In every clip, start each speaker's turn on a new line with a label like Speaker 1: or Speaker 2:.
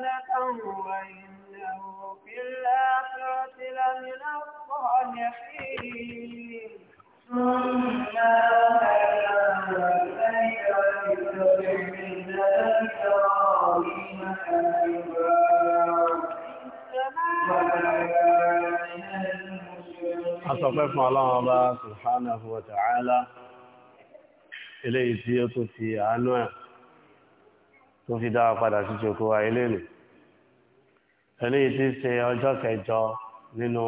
Speaker 1: صدقه وإنه في الآخرة لمن الصالحين ثم
Speaker 2: Àtọ̀pẹ́ fún ọlọ́run ọba
Speaker 3: Subhanahu wa ta'ala, ilé ìdí ó tó fi àánú ẹ̀. tó fi dá wa padà sí ìṣòkò wa eléèlè eléyìí ti ṣe ọjọ́ kẹjọ nínú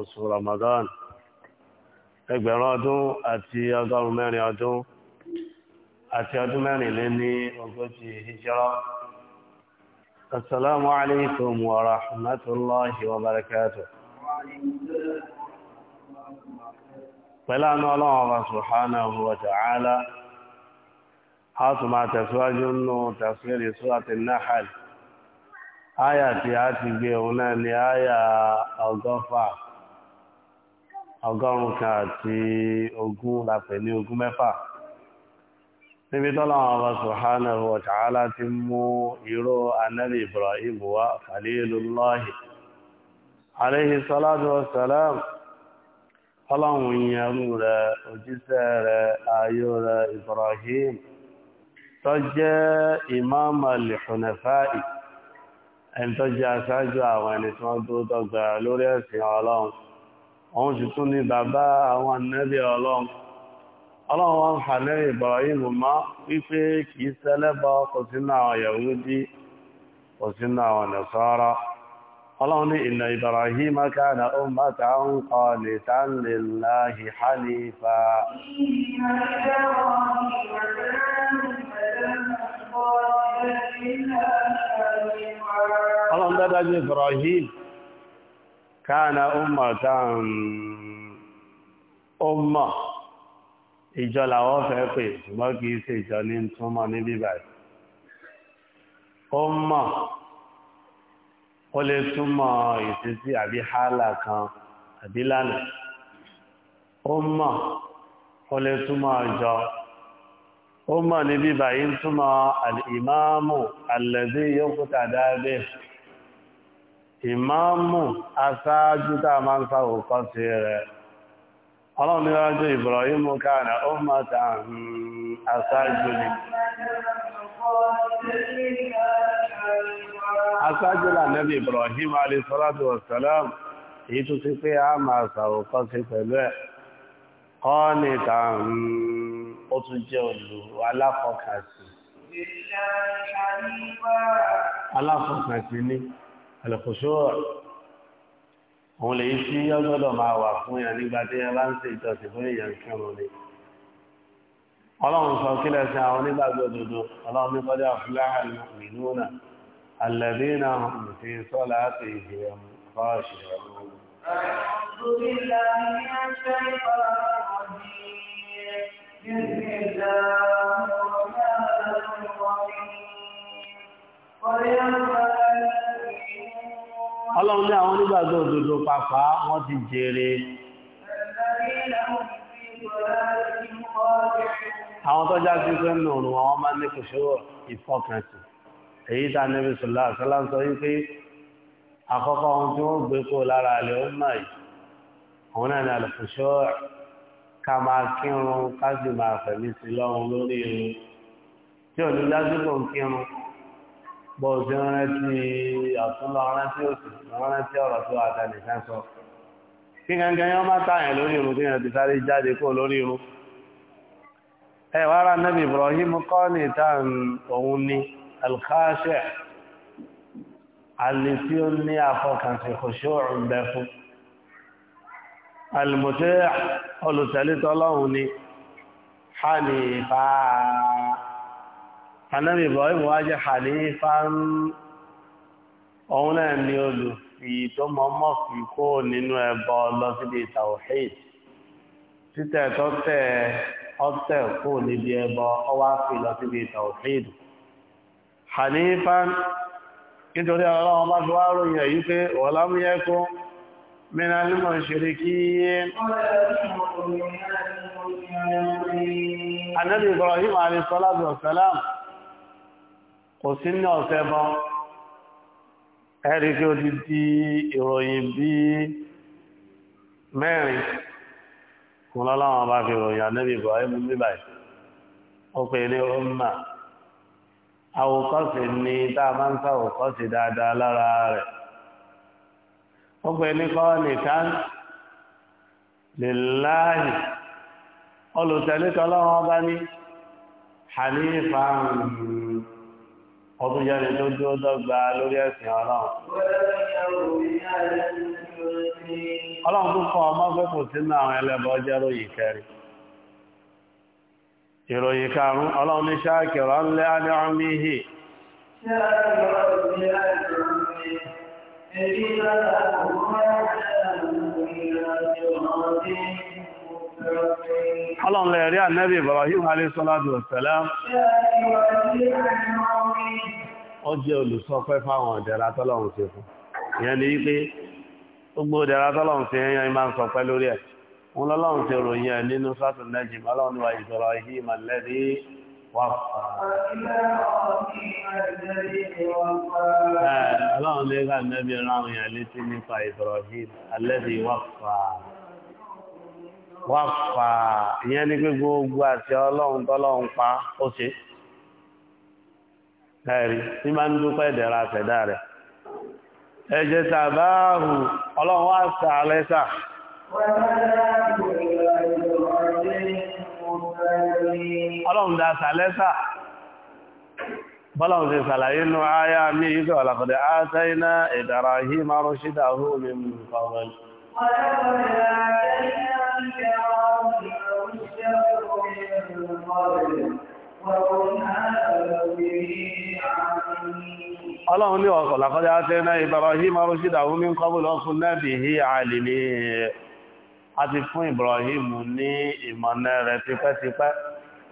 Speaker 3: oṣù Ramadan ẹgbẹ̀rún ọdún àti ọgọ́rùn mẹ́rin ọdún àti ọdún mẹ́rin lé ní ogójì hijira assalamu alaikum wa rahmatullahi wa barakatuh pẹ̀lú àánú ọlọ́run ọba subhanahu wa ta'ala a tún máa tẹ̀síwájú nínú tafsiri surati Nahl áyà tí a ti gbé òun náà ni áyà ọgọ́fà ọgọ́rùn kan àti ogún lápẹ̀ ní ogún mẹ́fà níbi tọ́lọ́wọ́n ọba subhanahu wa ta'ala ti mú irú anábì Ibrahim wa khalilullahi alayhi salatu wa salam ọlọ́run yẹn rú rẹ̀ òjíṣẹ́ rẹ̀ ayọ̀ rẹ̀ Ibrahim tó jẹ́ imam al ẹni tó jẹ́ aṣáájú àwọn ẹni tí wọ́n tó dọ́gba lórí ẹ̀sìn ọlọ́run bàbá wọn Ibrahim mọ́ wípé kì í ṣẹlẹ́bọ kò sínú àwọn Yahudi kò sínú àwọn Nasara ọlọ́run wọn ọlọ́run dájú Ibrahim káàna ummatan ọmọ ìjọ làwọn fẹ́ pè ṣùgbọ́n kì ṣe ìjọ ní túnmọ̀ ní bíbáyì ọmọ o lè túnmọ̀ àbí hálà kan àbí lánàá ọmọ ó lè túnmọ̀ ìjọ ó mọ̀ níbi báyìí ń túnmọ̀ al'imáàmù alẹ́dí yóò kúta dáadé ìmáàmù asáájú tá a máa ń sáwò kọ́ sí rẹ̀ ọlọ́mìnirajò ìbọ̀rọ̀yìnmú káàrà ó mọ̀
Speaker 1: Ibrahim
Speaker 3: ti a ó tún jẹ́ olù aláfọkàsí.
Speaker 1: aláfọkàsí
Speaker 3: ní àlùkòṣó òun lè sí ọgbọ́dọ̀ máa wà fún yàn nígbà tí yẹn bá ń ṣe ìjọsìn fún èèyàn kírun ni. ọlọ́run sọ kí lẹ́sìn àwọn onígbàgbọ́ òdodo ọlọ́run ní kọ́dé àfúláhà mìlúnà àlẹ́bínà fi sọ́lá àti ìjìyàn kọ́ ṣe ọ̀rọ̀.
Speaker 1: أعوذ بالله من الشيطان الرجيم بسم الله ọlọ́run ní àwọn onígbàgbọ́
Speaker 3: òdodo pàpá wọ́n ti jèrè àwọn tó já sí pé nù òrùn àwọn máa ní kòṣòwò ìfọkànsì èyí tá níbi sùlá àṣálá ń sọ wípé àkọ́kọ́ ohun tí wọ́n gbé kó lára àlẹ́ ó máa ká máa kírun ká sì máa fẹ̀mí sí lọ́run lórí irun tí ò ní lásìkò ń kírun bó o ti rántí àtúnlọ rántí òsì rántí ọ̀rọ̀ tó àtàlẹ́sán sọ kí gangan yẹn má tààyàn lórí irun tí yẹn ti sáré jáde kó lórí irun ẹwà ara nabi Ibrahim kọ́ni tán òun ni alkhashẹ́ alẹ́ tí ó ní àfọkànsìn kò ṣóòrùn bẹ fún alìmọ̀tẹ́ olùtẹ̀lẹ́tọ́ ọlọ́run ni hanifa anábì Ibrahim wá jẹ́ hanifa ń ọun náà ni olùfì tó mọ́mọ́ fi kó nínú ẹbọ lọ síbi tawhid títẹ̀ tọ́tẹ̀ ọtẹ̀ kó níbi ẹbọ ọwá fi lọ síbi tawhid hanifa nítorí ọlọ́run bá fi wá ròyìn èyí pé wọ́n lámúyẹ́kún من المشركين النبي إبراهيم عليه الصلاة والسلام قسنا وسبا ẹ̀rí tí ó ti di ìròyìn bí mẹ́rin kùn lọ́láwọn bá fi ròyìn ànábì Ibrahim níbàí ó pè ní ọmọ àwòkọ́sì ni tá a máa ń sáwòkọ́sì dáadáa lára rẹ̀ ó pè ní kọ́ọ̀lì kan lèláàyè olùtẹ̀lé tọ́lọ́wọ́ bá ní hanifa ọdún jẹ́ni tó dúró dọ́gba lórí ẹ̀sìn ọlọ́run ọlọ́run tó kọ́ ọmọ pé kò sínú àwọn ẹlẹ́bọ
Speaker 1: Ọlọ́run lè
Speaker 3: rí ànẹ́bì Ibrahim Alẹ́sọ́lájú ọ̀sẹ̀lá. Ó jẹ́ olùsọpẹ́ fáwọn ọ̀dẹ̀ra tọ́lọ́run ṣe fún. Ìyẹn ni wípé gbogbo ọ̀dẹ̀ra tọ́lọ́run ṣe yẹn máa ń sọpẹ́ lórí ẹ̀. Wọ́n lọ́lọ́run ṣe ròyìn ẹ̀ nínú wàfà. ọlọ́run lè ká nẹ́bí ráhùn yẹn létí nípa Ibrahim alẹ́bí wàfà. wàfà ìyẹn ní pé gbogbo àti ọlọ́run tọ́lọ́run pa ó ṣe. ẹ̀rí tí máa ń dúpẹ́ ìdẹ̀ra àtẹ̀dá rẹ̀. ẹ̀jẹ̀ tàbáàrù ọlọ́run wá sàálẹ́sà.
Speaker 1: wọ́n ọlọ́run dá sàlẹ́sà
Speaker 3: bọ́lọ̀un ti sàlàyé nù ayá mi yíkọ̀ ọ̀làkọ̀dẹ̀ átáyíná ìdára yí márùn ṣídà hóòmí kọ̀wọ̀n ọlọ́run ní ọkọ̀ làkọ́dẹ̀ átáyíná ìdára yí márùn ṣídà hóòmí kọ̀wọ̀n ọkùn náà bí i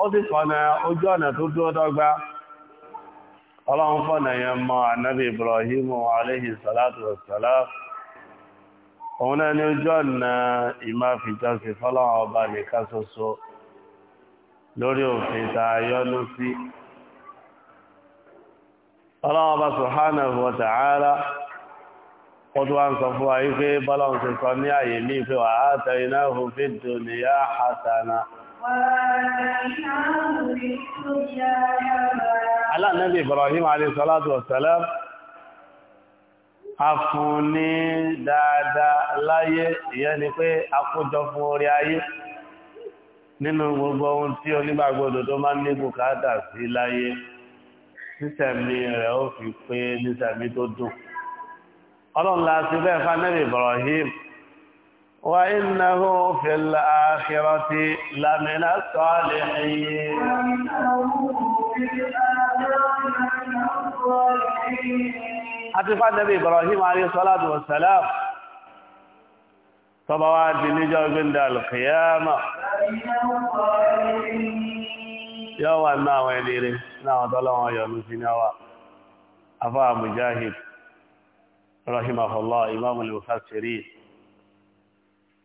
Speaker 3: ó sì fọ́nà ojú ọ̀nà tó gbaa. dọ́gba ọlọ́run fọ́nà yẹn mọ́ ànábì Ibrahim alayhi salatu wassalam òun náà ni ojú ọ̀nà ọba na ta ọba wa ta'ala wa ń sọ fún wa yí pé sọ ní àyè ní ìfẹ́ wà á yá Aláàrẹ́bí Ibrahim Alẹ́sọ́látù ọ̀sẹ̀lẹ́, a fún ní dáadáa láyé ìyẹn ni pé a kójọ fún orí ayé nínú gbogbo ohun tí onígbàgbọ́dọ̀ tó máa ní bùkátà sí láyé, sísẹ̀mí rẹ̀ ó fi pé nísẹ̀mí tó dùn. Ọlọ́run la bẹ́ẹ̀ fánẹ́bí Ibrahim وإنه في الآخرة لمن الصالحين حتفى النبي إبراهيم عليه الصلاة والسلام طبعات نجا عند القيامة يا وانا الناوى نا نعم يا يوم سنوى أفا مجاهد رحمه الله إمام المفسرين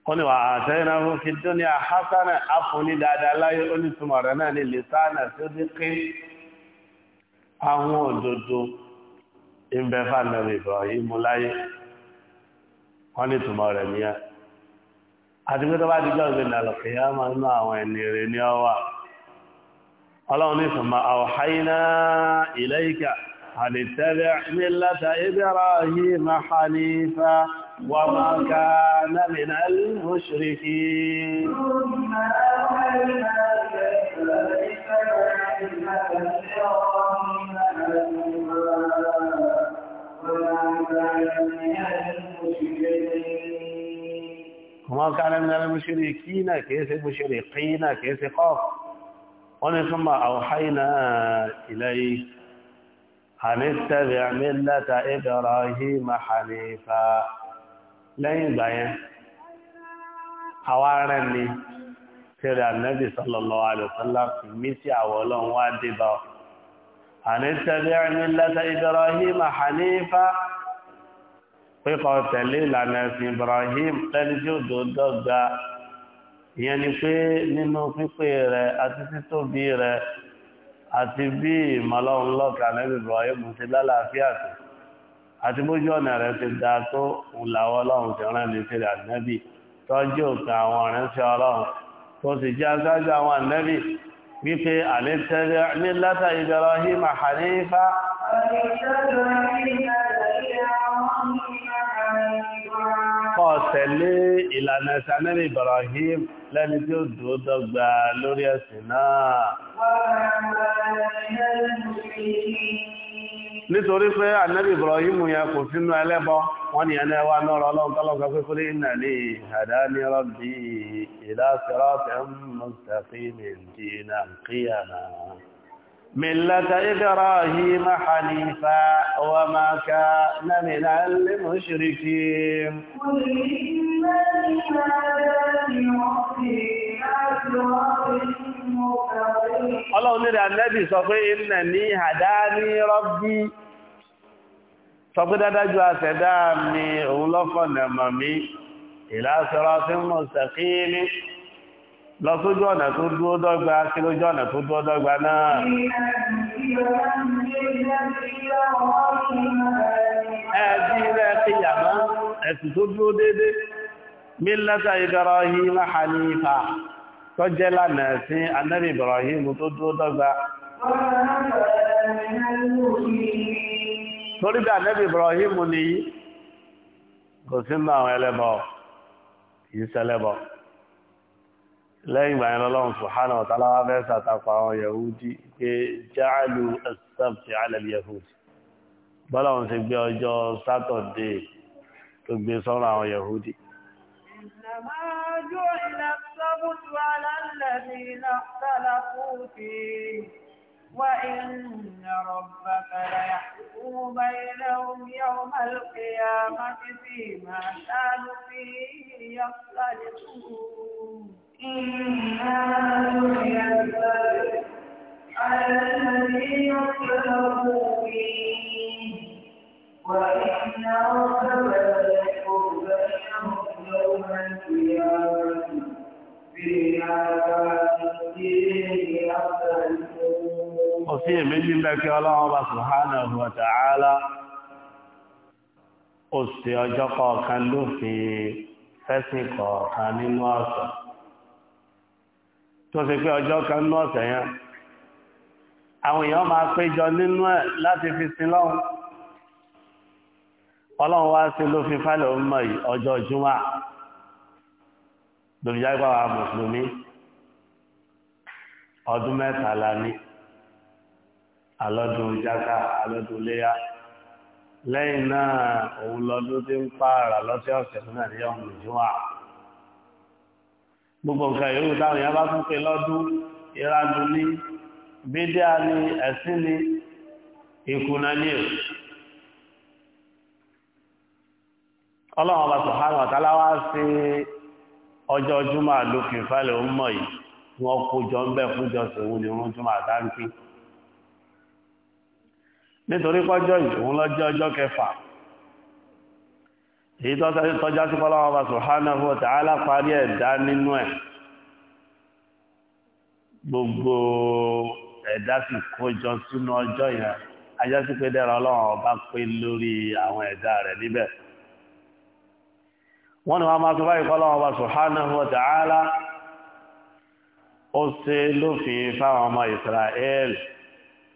Speaker 3: wọ́n ni wà àtẹ́yìn náà fún fi dúnìá hasana afúnni dáadáa láyé onítùmọ̀ rẹ̀ náà ní lìsánà tó dé pé àwọn òdodo ìbẹ̀fà nàbì Ibrahim láyé wọ́n ní tùmọ̀ rẹ̀ níyà àti pé tó bá ti gbọ́gbé dàlọ́kìyà máa ń ná àwọn ẹni rẹ̀ ní ọwà ọlọ́run ní ìsọ̀mọ̀ àwọ̀háyíná ilayka àdìtẹ́bẹ̀ millata Ibrahim hanifa وما كان من المشركين
Speaker 1: ثم أوحينا
Speaker 3: وما كان من المشركين كيف المشركين كيف قاف ثم أوحينا إليك أن اتبع ملة إبراهيم حنيفاً lẹ́yìn ìgbà yẹn àwa rẹ̀ ni tẹ́rẹ̀ ànẹ́bì sallallahu alaihi wasallam fi mí sí àwọ̀ ọlọ́run wá dé bá ọ àní tẹ́lẹ̀ millata Ibrahim hanifa pípa tẹ̀lé ìlànà ẹ̀sìn Ibrahim tẹ́lẹ̀ tí ó dọ́gba ìyẹn ni pé nínú pípé rẹ̀ àti títóbi rẹ̀ àti bí ìmọ̀lọ́run lọ́kà ànẹ́bì Ibrahim ti lálàáfíà tó àti bójú ọ̀nà rẹ̀ ti da tó ńláwọ́ ọlọ́run ti rán ní sílẹ̀ ànábì tọ́jú òkè àwọn ọ̀rẹ́sẹ̀ ọlọ́run tó sì jẹ́ aṣáájú àwọn ànábì wípé àlétẹ́rẹ́ ní látà Ibrahim hanifa
Speaker 1: kọ́ tẹ̀lé
Speaker 3: ìlànà ìsànẹ́rì Ibrahim lẹ́ni tí ó dúró dọ́gba lórí ẹ̀sìn náà nítorí pé ànábì Ibrahim yẹn kò sínú ẹlẹ́bọ wọ́n ní ẹni ẹwà náà ọlọ́run tọ́lọ́gbà pé kúrò iná ní hadani rabbi ila siratin mustaqim dínà kíyàmá ملة إبراهيم حنيفا وما كان من المشركين
Speaker 1: قل إن
Speaker 3: Ọlọ́run nílẹ̀ Ànábì sọ pé iná ní
Speaker 1: àdá ní rọ́bí,
Speaker 3: sọ pé dádájú àṣẹ̀dá mi òun lọ́fọ̀nà mọ̀ mí, ìlàṣọ́rọ̀ lọ sójú ọ̀nà tó dúró dọ́gba lójú ọ̀nà tó dúró dọ́gba náà
Speaker 1: ẹ̀bí rẹ̀ kíyàmá
Speaker 3: ẹ̀sùn tó dúró dédé mílẹ́ta Ibrahim hanifa tó jẹ́ lànà sí anábì Ibrahim tó dúró dọ́gba torí bí anábì Ibrahim nìyí kò sínú àwọn ẹlẹ́bọ̀ lẹ́yìn ìgbà yẹn lọ́lọ́run sùhánà ọ̀tàláwà fẹ́ sàtàkọ àwọn yahudi pé jáàlù ẹ̀sàbtì alẹ́lẹ́ yahudi bọ́lọ́run ti gbé ọjọ́ sátọ̀dé tó gbé sọ́rọ̀ àwọn yahudi
Speaker 1: وإن ربك ليحكم بينهم يوم القيامة فيما كانوا فيه يختلفون Òfin
Speaker 3: èméjì ń bẹ́ kí ọlọ́run bá subhanahu wa ta'ala ó sì ọjọ́ kọ̀ọ̀kan lófin fẹ́sìn kọ̀ọ̀kan nínú ọ̀sán. tó ṣe pé ọjọ́ kan ní ọ̀sẹ̀ yẹn àwọn èèyàn máa péjọ nínú ẹ̀ láti fi sin lọ́hùn ọlọ́run wá sí ló fi fálẹ̀ ọmọ yìí ọjọ́ júmọ́ lórí jágbá wa mùsùlùmí ọdún mẹ́tàlá ní alọ́dún jáká alọ́dún léyá lẹ́yìn náà òun lọ́dún tí ń pààrà lọ́sẹ̀ ọ̀sẹ̀ náà ní ọmọ ìjúmọ́ gbogbo nǹkan yòówù táwọn èèyàn bá tún pè lọ́dún ìranu ní bídíà ní ẹ̀sìn ní ìkùnà ní èrò ọlọ́run ọba subhanahu wa wá sí ọjọ́ júmọ̀ lókè fálẹ̀ ó mọ̀ yìí wọ́n kójọ ń bẹ́ fúnjọ sòun ni wọ́n júmọ̀ nítorí pọ́jọ́ yìí òun lọ́jọ́ ọjọ́ èyí tọ́já sí fọ́lọ́wọ́ bá subhanahu wa ta'ala parí ẹ̀dá nínú ẹ̀ gbogbo ẹ̀dá sì kójọ sínú ọjọ́ yẹn ajá sí pé dẹ́rọ ọlọ́run ọba pé lórí àwọn ẹ̀dá rẹ̀ níbẹ̀ wọ́n wọ́n máa ó ṣe lófin fáwọn ọmọ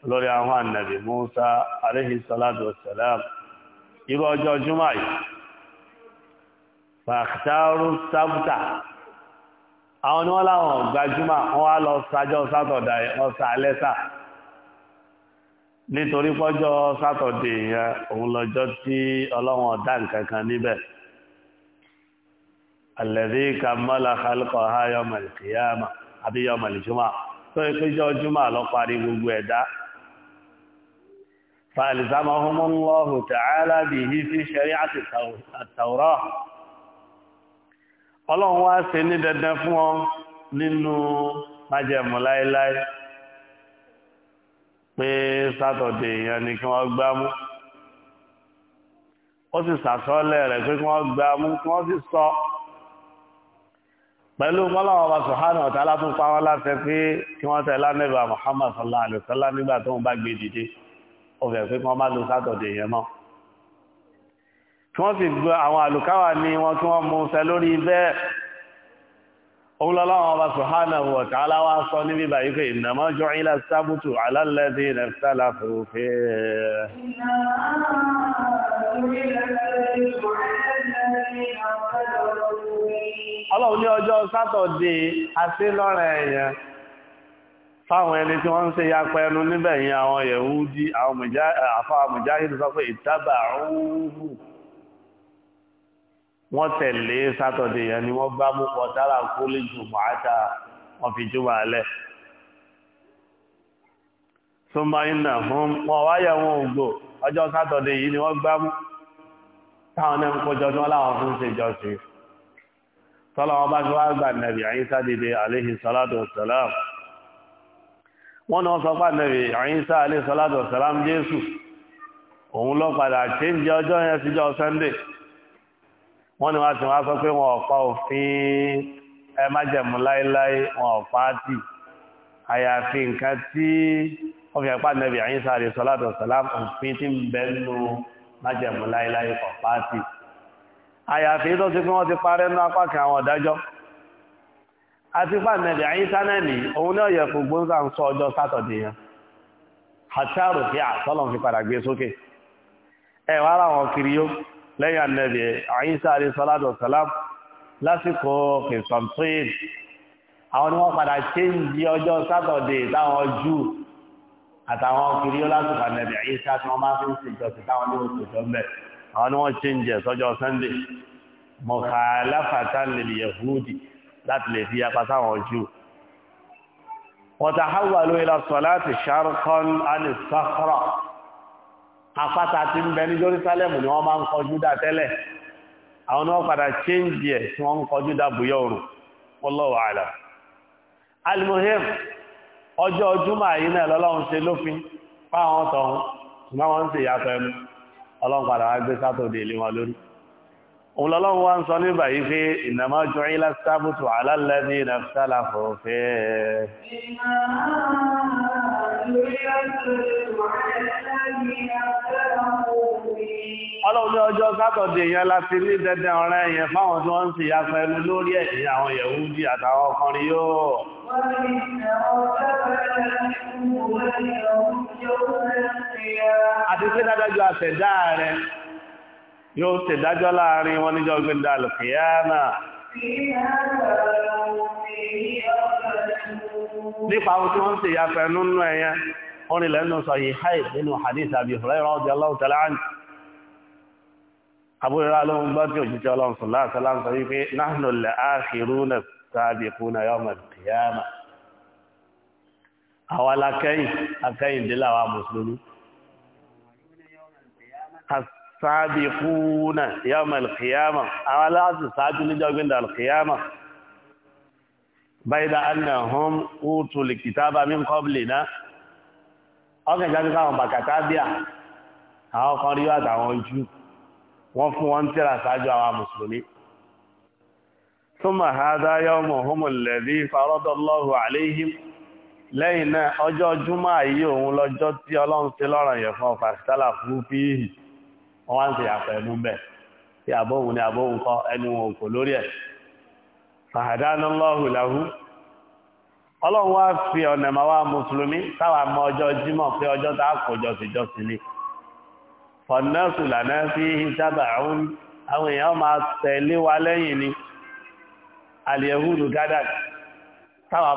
Speaker 3: lórí àwọn ànàbì Musa salatu wa salam irú ọjọ́ fàtàrù sábùtà àwọn ni wọ́n láwọn gbajúmọ̀ wọ́n wá lọ sájọ́ sátọ̀dà ọ̀sà alẹ́sà nítorí pọ́jọ́ sátọ̀dà yẹn òun lọ́jọ́ tí ọlọ́wọ̀n dá nǹkan kan níbẹ̀ alẹ́dí kàmọ́lá kálùkọ̀ ha yọmọ̀lì kìyàmà الله تعالى به في شريعة التوراة ọlọ́run wá ṣe ní dandan fún ọ nínú májẹ̀mú láéláé pé sátọ̀dé èèyàn ni kí wọ́n gbá mú ó sì sàsọ́lẹ̀ rẹ̀ pé kí wọ́n gbá mú kí wọ́n sì sọ pẹ̀lú mọ́láwọ́ bá sùhánà ọ̀tá látún pa wọ́n láṣẹ pé kí wọ́n tẹ̀lé nẹ́bà Muhammad sallallahu alaihi nígbà tó ń bá gbé dìde ó fẹ́ pé kí wọ́n má lo sátọ̀dé èèyàn náà wọ́n sì gbọ́ àwọn àlùkáwà ní wọn kí wọ́n mú ṣẹ lórí bẹ́ẹ̀ ọlọ́lọ́wọ́n ọba subhanahu wa ta'ala wá sọ níbi báyìí pé innama ju'ila sábùtù ala alladhina ikhtalafu fihi ọlọ́run ní ọjọ́ sátọ̀dé asílọ́rẹ̀ ẹ̀yẹn fáwọn ẹni tí wọ́n ń ṣe yapa ẹnu níbẹ̀ yẹn àwọn Yẹhudi àwọn àfáà sọ pé ìtàbà ọ̀hún wọ́n tẹ̀lé sátọ̀dé yẹn ni wọ́n bá mú pọ̀tàrà kó lè jù wọ́n fi iná fún wọn wáyà wọn ògbò ọjọ́ sátọ̀dé yìí ni wọ́n gbá mú táwọn náà ń kójọ tí wọ́n láwọn fún ṣe jọ tọ́lá wọn bá ti wá gbà àléhi sàlám. wọ́n náà sọ pé àléhi sàlám jésù òun ló padà ọjọ́ wọ́n ní wọ́n ti wá sọ pé wọn ò pa òfin ẹ májẹ̀mú láéláé wọn ò pa á tì àyàfi nǹkan tí wọ́n fi apá nẹ́bí àyínsá àdìsọ salatu wassalam òfin tí ń bẹ nínú májẹ̀mú láéláé kọ̀ pa á tì àyàfi tó ti pé wọ́n ti parẹ́ nínú apá kan àwọn ọ̀dájọ́ àti apá nẹ́bí àyínsá náà nì òun náà yẹ fún gbóńsà ń sọ ọjọ́ sátọ̀dé yẹn àti àròkè àtọ́lọ́ fi padà gbé sókè ẹ̀ wá láwọn kiri yóò lẹ́yìn ànẹ́bì àyíṣà àrí sọ́ládọ̀ sọ́lám lásìkò kìsọ̀ntín àwọn ni wọ́n padà ṣe ń di ọjọ́ sátọ̀dé táwọn jù àtàwọn kiri lásìkò ànẹ́bì àyíṣà tí wọ́n máa fi ń ṣe ìjọsìn táwọn ní oṣù tó ń àwọn ni wọ́n ṣe ń jẹ sọ́jọ́ sẹ́ndé mọ̀kàláfàtà lè yẹ̀húdì láti lè fi apá táwọn jù wọ́n ta háwà lóyè lọ láti ṣàrkọ́n afáta ti ń bẹ ní Jerusalem ni wọ́n máa ń kọjú dá tẹ́lẹ̀ àwọn náà padà change ẹ̀ tí wọ́n ń kọjú dá bóyá oòrùn wallahu a'lam alimohim ọjọ́ Jímọ̀ yìí náà lọ́lọ́run ṣe lófin fáwọn tọ̀hún ṣùgbọ́n wọ́n ń ṣe ìyàtọ̀ ẹnu ọlọ́run padà wá gbé sátọ̀dé ilé wọn lórí òun lọ́lọ́run wá ń sọ nígbà yìí pé innama ju'ila sábùtù ala alladhina ikhtalafu fihi Ọlọ́run ní ọjọ́ sátọ̀dé yẹn láti ní dẹ́dẹ́ ọ̀rẹ́ yẹn fáwọn tí wọ́n ń fi yàfẹ́ ẹnu lórí ẹ̀yìn àwọn Yẹ̀húdí àtàwọn ọkùnrin yóò. Àti pé dájọ́ àṣẹ̀dá rẹ̀ yóò ṣèdájọ́ láàrin wọn níjọ́ gbẹ̀dàlù kìíyà náà
Speaker 1: nípa ohun tí wọ́n
Speaker 3: sì ya fẹ́ nínú ẹ̀yẹ orin lẹ́nu sọ yìí haid nínú hadith Abi Hurairah radiyallahu ta'ala anhu abúrẹ́rẹ́ alóhun gbọ́ tí òjíṣẹ́ ọlọ́run sọ láti sọ sọ wípé nahnu al-akhiruna as-sabiquna yawm al-qiyamah àwọn báyìí dáná hàn ó tó lè kìtàbà mí kọ́bìlì náà ọkàn ìjáde káwọn bàkàtà bíà àwọn kan rí àtàwọn jù wọ́n fún wọn tírà ṣáájú àwọn mùsùlùmí ثم هذا يومهم الذي فرض الله عليهم lẹ́yìn náà ọjọ́ júmọ́ yìí òun lọ́jọ́ tí ọlọ́run ti lọ́rọ̀ yẹ̀ fún ọ̀fàṣítálà fún fíìhì fàdánà lọ́hù láhù ọlọ́run wá fi ọ̀nà máa wá mùsùlùmí táwà mọ ọjọ́ jímọ̀ pé ọjọ́ tá a kọjọ síjọ́ fọ̀nẹ́sù lànà fi sábà àwọn èèyàn tẹ̀lé wa lẹ́yìn ni àlìyẹ̀húdù gádàt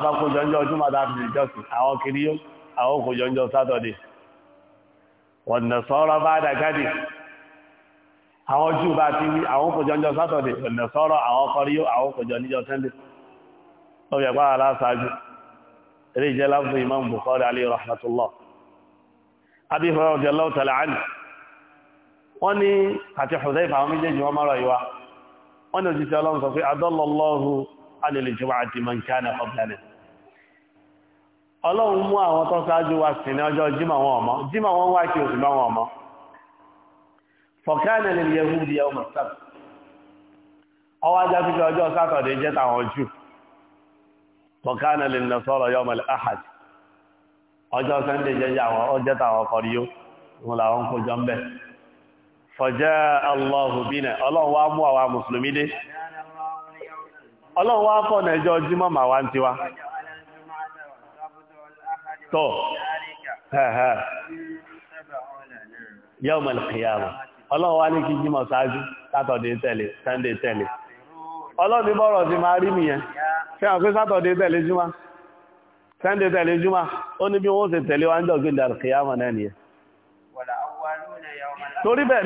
Speaker 3: bá kọjọ ńjọ àwọn kiri àwọn àwọn jù bá ti wí àwọn kòjọ ọjọ́ sátọ̀dẹ̀ ọ̀nà sọ́rọ̀ àwọn kọrí àwọn kòjọ níjọ sẹ́ndẹ̀ lọ́bẹ̀ pàá aláṣáájú eré jẹ́ láfún imam bukhari alayhi rahmatullah abi radiyallahu ta'ala anhu wọ́n ní àti Hudhayfa àwọn méjèèjì wọ́n mọ́rọ̀ ìwá wọ́n ní òjíṣẹ́ ọlọ́run sọ pé adallallahu anil jum'ati man kana fọ̀kánà lè yẹ̀húdì ọmọ sáà ọwọ́ ajá fífi ọjọ́ sátọ̀dẹ̀ jẹ́ tàwọn jù fọ̀kánà lè nà sọ́rọ̀ ahad ọjọ́ sẹ́ndé jẹ́ àwọn tàwọn kọrí yó wọn jọ ń bẹ̀ fọ̀jẹ́ allahu ọlọ́run wá ní kí jímọ̀ ṣáájú sátọ̀dé tẹ̀lé sànńdé tẹ̀lé ọlọ́run ní bọ́rọ̀ sí máa rí nìyẹn ṣé wọn pé sátọ̀dé tẹ̀lé júmọ́ sànńdé tẹ̀lé júmọ́ ó ní bí wọ́n ṣe tẹ̀lé wá ń jọ gbẹ̀dà kìyàmọ̀ náà nìyẹn. torí bẹ́ẹ̀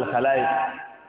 Speaker 3: náà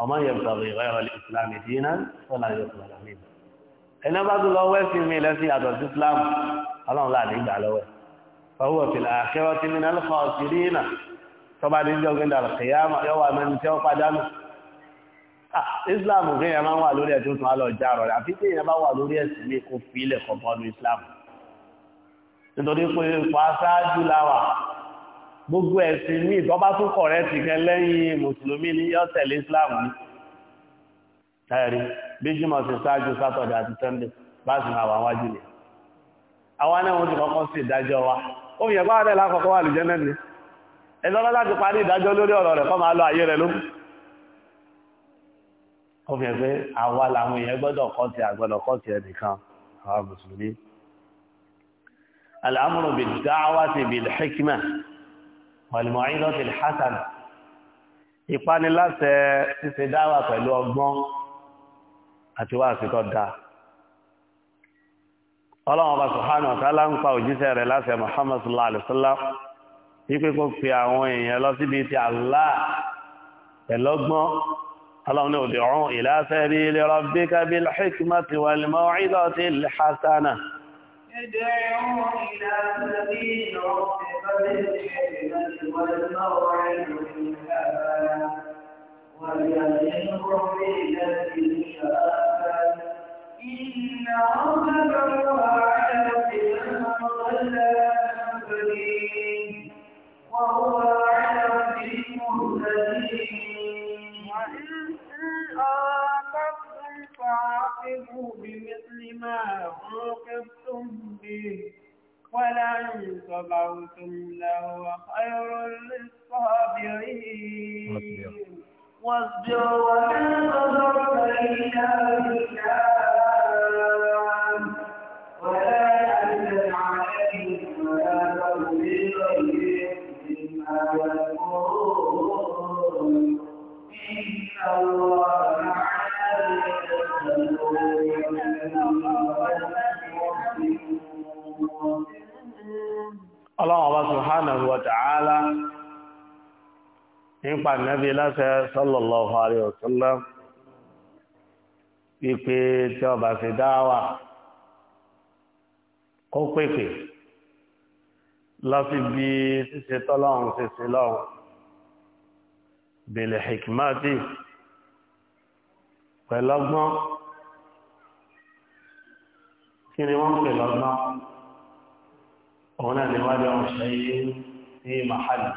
Speaker 3: ومن يبتغي غير الإسلام دينا فلا يقبل منه إن بعض الله في ملتي هذا الإسلام الله لا نبع له فهو في الآخرة من الخاسرين طبعا يجوا عند القيامة يوم من توقع دانه islam kí ẹ máa ń wà lórí ẹ̀tún tún á lọ já rọ̀ rẹ̀ àfi tí ẹ bá wà lórí ẹ̀sìn ní kò gbogbo ẹ̀sìn míì tó bá tún kọ̀rẹ́tì kan lẹ́yìn mùsùlùmí ní yọ́ tẹ̀lé islam ní ẹ̀rí bí jímọ̀ sí ṣáájú sátọ̀dẹ̀ àti sunday bá sì máa wà wájú lè àwọn anẹ́wọ̀n ti kọ́kọ́ sí ìdájọ́ wa ó yẹ bá rẹ̀ lákọ̀ọ́kọ́ wà lùjẹ́ náà ni ẹ̀lọ́lọ́ láti parí ìdájọ́ lórí ọ̀rọ̀ rẹ̀ والموعظة الحسنة ìpániláṣẹ ṣíṣe dáwà pẹ̀lú ọgbọ́n àti wá àsìkò dá ọlọ́run ọba subhanahu wa ta'ala ń pa òjíṣẹ́ rẹ̀ láṣẹ Muhammad sallallahu alaihi wasallam wípé kó pe àwọn èèyàn lọ síbi ti Allah pẹ̀lọ́gbọ́n
Speaker 1: ادعوا إلى سبيل ربك بالحكمة والموعظة الحسنة وليزنهم بالتي هي أحسن إن ربك أعلم بمن ضل عن سبيله فعاقبوا بمثل ما عوقبتم به ولئن صبرتم لهو خير للصابرين
Speaker 2: واصبروا وما صبرت إلا بالله
Speaker 3: nípa nàbí láṣẹ sallallahu alaihi wasallam pípé tí ọba fi dá wà kó pèpè lọ́sí bí ṣíṣe tọ́lọ́run ṣe ṣe lọ́run bil hikmati pẹ̀lọ́gbọ́n kí ni wọ́n pẹ̀lọ́gbọ́n òun náà ni wájú ọ̀ṣẹ́ yìí ní màhálì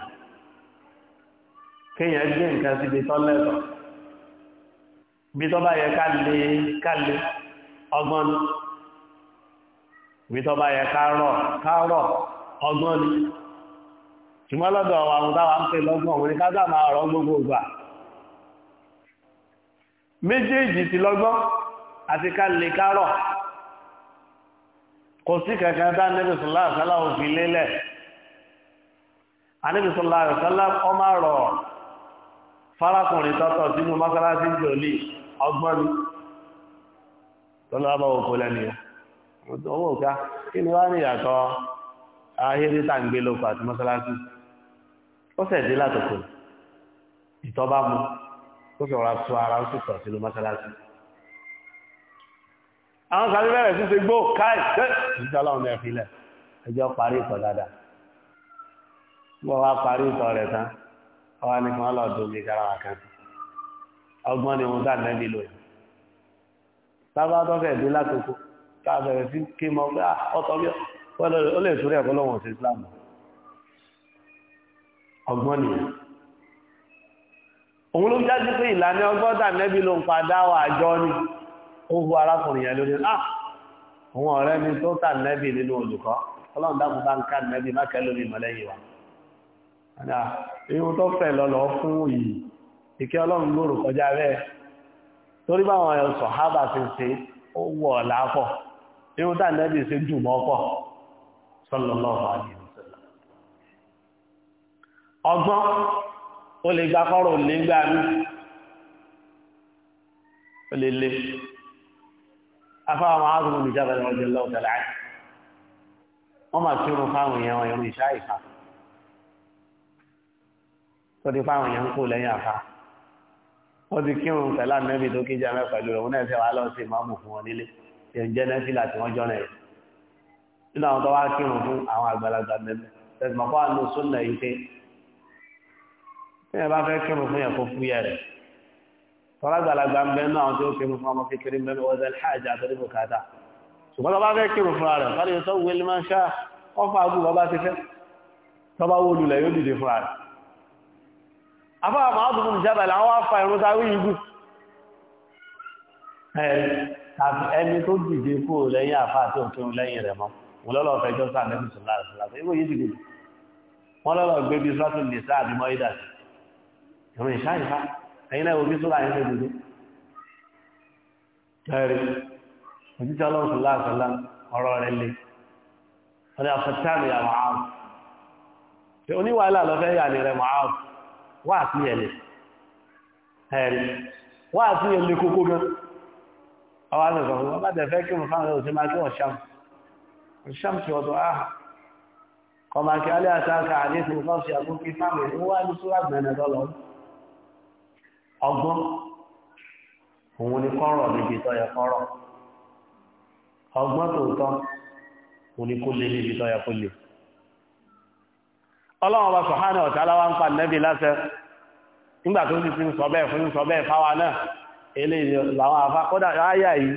Speaker 3: kéèyàn gbé nǹkan síbi tọ́lẹ̀tọ̀ bí tọ́ bá yẹ ká lè ká lè ọgbọ́n ni bí tọ́ bá yẹ ká rọ̀ ká rọ̀ ọgbọ́n ni ṣùgbọ́n lọ́dọ̀ àwọn táwa ń pè lọ́gbọ́n òun ni ká dà máa rọ̀ gbogbo ìgbà méjèèjì ti lọ́gbọ́n àti ká lè ká rọ̀ kò sí kankan dá nẹ́bí sọlá àṣálà òfin lélẹ̀ anẹ́bí sọlá àṣálà ọmọ rọ̀ fárákùnrin tọ́tọ̀ sínú mọ́sálásí jòlí ọgbọ́n ni tọ́lọ́bọ̀ òkú lẹ́ni ọwọ́ òká kí ni wá ní ìyàtọ̀ ahérítà ń gbé lókò àti mọ́sálásí ó sẹ̀dé látòkò ìtọ́bá mú ó sọ̀rọ̀ tó ara ó sì tọ̀ sínú mọ́sálásí àwọn sàbí bẹ̀rẹ̀ sí ṣe gbó káì tẹ́ ìjọlọ́run ẹ̀fílẹ̀ ẹjọ́ parí ìtọ̀ dáadáa wọ́n wá parí ìtọ̀ rẹ̀ tán ọwá ní kan lọ́dún mi dára wà kan ọgbọ́n ni wọ́n dá nẹ́bí lò yìí tábà tó fẹ́ dé látòkò tá a bẹ̀rẹ̀ sí kí mọ pé ọtọ bí ó lè sórí ẹ̀kọ́ lọ́wọ́ sí Islam ọgbọ́n ni òun ló jáde pé ìlànà ọgbọ́n dá nẹ́bí ló àdá ihun tó fẹ́ lọ́lọ́ fún yìí ìkẹ́ ọlọ́run lóòrò kọjá rẹ̀ torí báwọn ẹ̀yàn sọ̀hábà ti ṣe ó wọ̀ láàpọ̀ ihun tá nẹ́bí ṣe jù mọ́ pọ̀ sallallahu alaihi wasallam ọgbọ́n ó lè gba kọ́rọ̀ nígbà mí ó lè le afáwọn arákùnrin ìjábẹ̀rẹ̀ ọjọ́ lọ́ọ̀tẹ̀lá wọ́n máa kírun fáwọn èèyàn ọ̀yọ́rùn ìṣáà ìfàkùn tó ti fáwọn èèyàn ń kó lẹ́yìn àfa ó ti kírun pẹ̀lú ànábì tó kéjà mẹ́ pẹ̀lú rẹ̀ òun náà ṣe wá lọ sí ìmáàmù fún wọn nílé yẹn jẹ́ nẹ́fìlà tí wọ́n jọ náà nínú àwọn tó wá kírun fún àwọn àgbàlagbà mẹ́mẹ́ tẹ̀sí mọ́kọ́ àánú súnà yìí pé tẹ́yẹ bá fẹ́ kírun fún yẹn kó fú yẹ rẹ̀ tọ́lá àgbàlagbà ń bẹ́ẹ̀ náà tó kírun fún ọmọ kékeré mẹ́mẹ́ wọ́n zẹ́lẹ̀ hajj àtọ́rí bùkátà ṣùgbọ́n tó bá fẹ́ kírun fúnra rẹ̀ fọ́lẹ́ tó wẹ́lẹ́ máa ń ṣá kọ́fà àbúrò bá ti fẹ́ tọ́ bá wó lulẹ̀ yóò dìde fúnra rẹ̀ afọ́ àmàdùn fún ìjábàlá wọ́n fa ìrún sáré ìgù ẹni tó dìde kú lẹ́yìn àfá àti òkèrún lẹ́yìn rẹ̀ mọ́ wọ́n lọ́lọ́ fẹjọ́ sáà nẹ́bí sọ̀lá àṣìlá ìwò yìí dìde wọ́n lọ́lọ́ gbé bí sọ́tù lè sáà bí mọ́ ìdà sí ìrìn ìṣá ìfá ẹ̀yìn náà òbí sọ́lá yẹn dìde kẹrì òjíṣẹ́ ọlọ́run sọ̀lá àṣìlá ọ̀rọ̀ rẹ̀ le wá àti ẹ̀lẹ̀ ẹ̀rì wá àti ẹ̀lẹ̀ kókó gan ọwá lẹ́sọ̀ fún bá tẹ̀fẹ́ kí mo fáwọn òṣèlú máa kí wọ́n ṣam ṣam ti ọ̀dọ̀ á kọmà kí alẹ́ àtàkà àdéhùn kan ṣe àgókè fáwọn ìlú wá ní súrà gbẹ̀nẹ̀ lọ́lọ́ ọgbọ́n òun ọlọ́run ọba sọ̀hánà ọ̀tá aláwa ń pa nẹ́bí láṣẹ nígbà tó ti fi ń sọ bẹ́ẹ̀ fún ń sọ bẹ́ẹ̀ fáwa náà eléyìí làwọn afá kódà ráyà yìí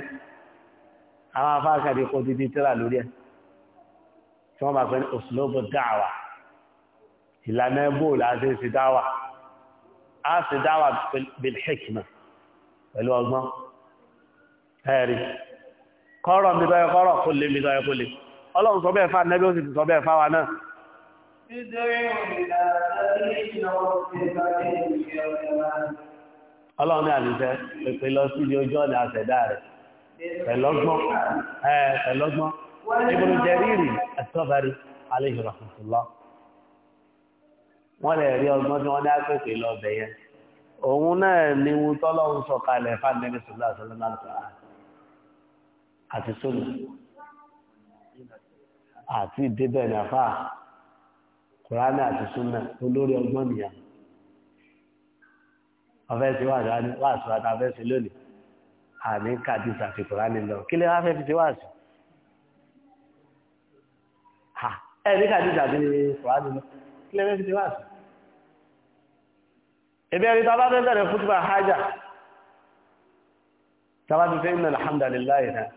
Speaker 3: àwọn afá kàdé kó dídí tíra lórí ẹ̀ tí wọ́n bá pẹ́ ní òṣìlóbò dáwà ìlànà ẹgbó láti ṣe dáwà á ṣe dáwà bilhikma pẹ̀lú ọgbọ́n ẹ̀rí kọ́rọ̀ mi tọ́yẹ kọ́rọ̀ kó lè mi tọ́yẹ kó lè ọlọ́run sọ bẹ́ẹ̀ fá nẹ́bí ó sì ti sọ bẹ́ẹ̀ fáwa náà Ọlọ́run ní àdìsẹ́ pẹ̀pẹ̀ lọ sí ibi ojú ọ̀nà àṣẹ̀dá rẹ̀ pẹ̀lọ́gbọ́n pẹ̀lọ́gbọ́n Ibn Jarir At-Tabari alayhi rahmatullah wọ́n lè rí ọgbọ́n tí wọ́n ní àpẹ̀pẹ̀ lọ bẹ̀yẹn òun náà ni wọ́n tọ́lọ́run sọ kalẹ̀ fáńdẹ́bí sọ̀lá kùránì àti súnà olórí ọgbọ́n nìyà ọfẹ́ sí wà sí wà tàbẹ́ sí lónìí àní kàdísà àti kùránì lọ kí lè wá fẹ́ fi sí wà sí ẹ ní kàdísà àti kùránì lọ kí lè fẹ́ fi sí wà sí ẹni tàbá fẹ́ bẹ̀rẹ̀ fútbà hajj tàbá fi fẹ́ inna alhamdulillahi náà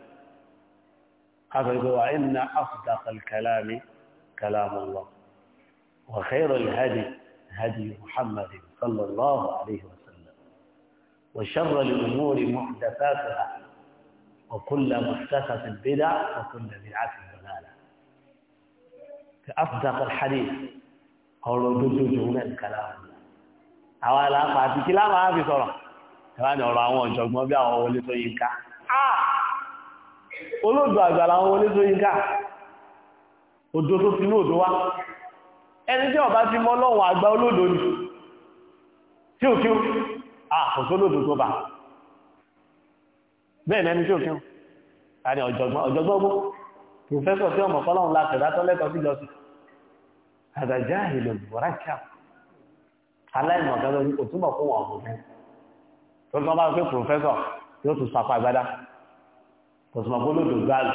Speaker 3: a sọ ìgbéwà inna afdaqal kalami kalamullah وخير الهدي هدي محمد صلى الله عليه وسلم وشر الأمور محدثاتها وكل محدثة بدع وكل بدعة ضلالة فأصدق الحديث قولوا قول تجدون الكلام أولا فاتك لا ما في صورة كمان أولا وانشوك ما بيا أولي سوينكا آه! أولو هو جالا أولي سوينكا أولو دوا ẹni tí ọba ti mọ́ lọ́wọ́ àgbà olódo ni tí ò kíú àkóso olódo tó bá bẹ́ẹ̀ nẹni tí ò kíú àni ọ̀jọ̀gbọ́n ọ̀jọ̀gbọ́n gbó pòfẹ́sọ̀ tí ọmọ fọ́lọ́run láti rátọ́lẹ́kọ̀ọ́ sí jọ sí àgbàjá ìlò bọ̀rákà aláìmọ̀kan lórí kò túbọ̀ fún wọn ọ̀gbọ̀n tó tán bá pé pòfẹ́sọ̀ yóò tún sapá agbádá kò túnmọ̀ fún olódo gbáàlù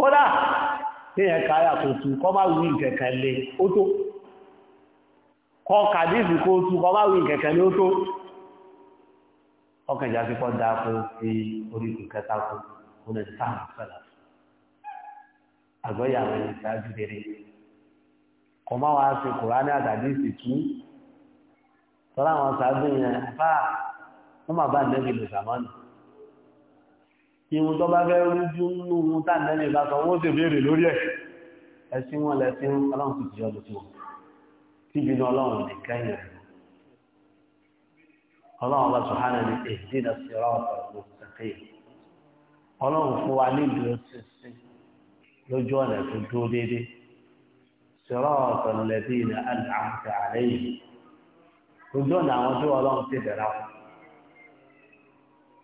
Speaker 3: kódà téèyàn káyà kò tu kọ́ bá wí kẹ̀kẹ́ lé ó tó kọ́ kàdíìsì kó tu kọ́ bá wí kẹ̀kẹ́ lé ó tó ọkàn ìjà fífọ́ dáa kó fi orí kù kẹta kó kó lè sáà fẹ́lá àgbọ́yà àwọn ẹni ìsáájú rere kọ́ má wàá ṣe kùránì àtàdíìsì tú tọ́lá àwọn sáájú yẹn bá wọ́n má bá nẹ́bí lè sàmánù ìwọ̀n tó bá fẹ́ rújú nínú ohun tàbí bá sọ wọ́n sì béèrè lórí ẹ̀ ẹ̀sìn wọn lẹ́sìn ọlọ́run ti jẹ́ ọdún tí wọ́n tí bí ní ọlọ́run ní kẹ́yìn rẹ̀ ọlọ́run bá sọ ní èdè الذين أنعمت عليهم كنتم نعوذ الله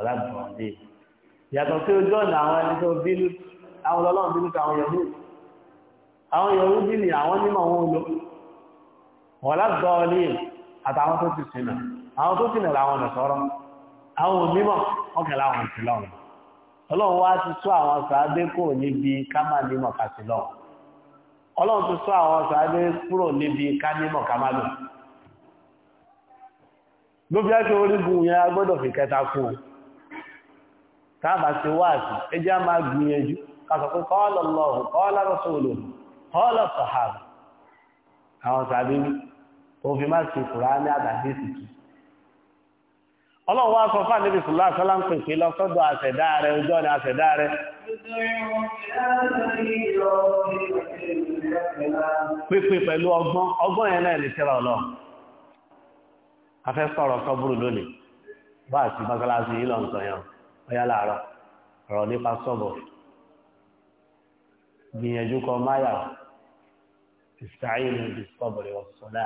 Speaker 3: wọlá gbọ̀n dé yàtọ̀ sí ojú ọ̀nà àwọn ẹni tó bínú àwọn ọlọ́run bínú káwọn yẹ̀wò àwọn yẹ̀wò bínú àwọn nímọ̀ wọn lò wọlá gbọ̀n ní àtàwọn tó ti sinà àwọn tó sinà làwọn ọ̀nà sọ̀rọ̀ àwọn onímọ̀ wọn kẹlẹ̀ àwọn sí lọ́run ọlọ́run wá ti sọ àwọn sàádé kò níbi ká má nímọ̀ ká sí lọ́run ọlọ́run ti sọ àwọn sàádé kúrò níbi ká nímọ̀ ká má lò ló fi orígun yẹn agbọ́dọ̀ fi kẹta kú káàbà ti wáàsí ẹjá máa gbìyànjú kásọ̀kú kọ́ọ̀lọ̀ lọ́hùn kọ́ọ̀lọ̀ rọ́sọ̀lọ̀ sọ̀hàbù àwọn sàbí fi máa ṣe kùrá ní àdàdé tìtù ọlọ́run sọ fún àdébì sùlá sọ́lá ń pèpè lọ sọ́dọ̀ àṣẹ̀dá rẹ̀ ojú ọ̀nà àṣẹ̀dá rẹ̀ pẹ̀lú ọgbọ́n ọgbọ́n yẹn náà lè afẹ́ sọ̀rọ̀ sọ́búrú ọ̀yá làárọ̀ ọ̀rọ̀ nípa sọ́bọ̀ gbìyànjú kọ máyà ìsàáyìnà ìsọ́bọ̀rẹ̀ ọ̀sọ̀lá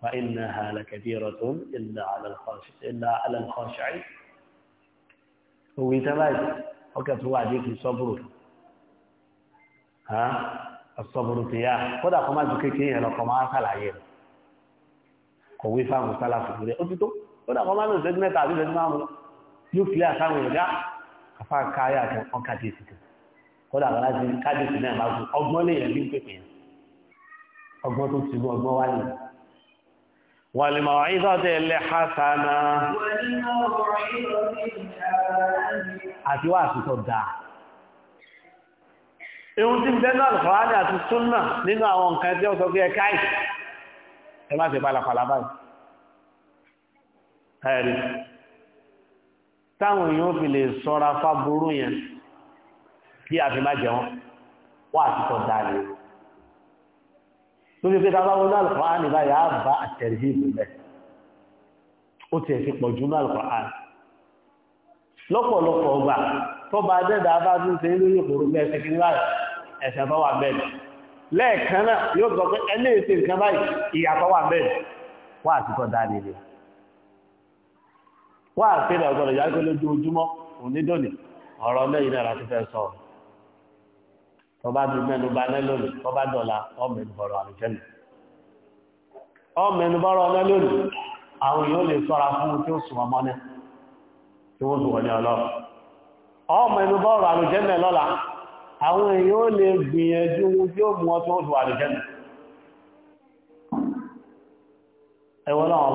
Speaker 3: wa iná halakẹ̀bí rọ̀tún ilẹ̀ alẹ́kọ̀ọ́ṣàí òwú ìtẹ́láìsì ọkẹ̀ tó wà díkì sọ́bùrù ọ̀sọ̀bùrù ti yá kódà kọ má ju kékeré yẹn lọ́kọ̀ máa sàlàyé rẹ̀ kọ̀wé fáwọn sálàfù rẹ̀ ó ti tó kódà kọ má lò sẹ́gbẹ̀ta àbí sẹ́gbẹ̀ta yóò fi àtàwọn ìdá àfa káyà àti ọkàn kábíyèsí kan kódà wọn láti kábíyèsí náà máa gùn ọgbọ́n lè yẹn bí ń pèpè yẹn ọgbọ́n tó ti mú ọgbọ́n wá nìyẹn. والموعظة الحسنة àti wá àtúntọ̀ dáa ihun tí bẹ́nà alfààní àti súnnà nínú àwọn nǹkan tí ó sọ fí ẹka ẹ̀ ẹ má ṣe pálapàla báyìí táwọn èèyàn fi lè sọ́ra fáburú yẹn kí a fi má jẹ wọn wá àtìkọ́ dáadé lórí pé tábà wọn lálùkọ́ á nìbá yà á bá àtẹ̀rẹ̀ ìlú rẹ̀ ó ti ẹ̀sìn pọ̀ jù lálùkọ́ á lọ́pọ̀lọpọ̀ ọgbà tọ́ba adẹ́dà bá tún ṣe lórí ìkòrò mẹ́ẹ̀sìn kí ní ẹ̀sẹ̀ bá wà bẹ́ẹ̀ lẹ́ẹ̀kan náà yóò sọ pé ẹlẹ́ẹ̀sìn Wa àfihàn ọgbọ̀nà ìyá pé lójoojúmọ́ onídòní ọ̀rọ̀ lẹ́yìn náà láti fẹ́ sọ tọba bí mẹ́nu bà náà lónìí dọ̀la ọmẹnu bọ̀rọ̀ àlùjẹ́nu ọmẹnu àwọn lè sọ́ra fún tí ó ọmọ náà tí wọ́n sùn wọlé ọlọ́run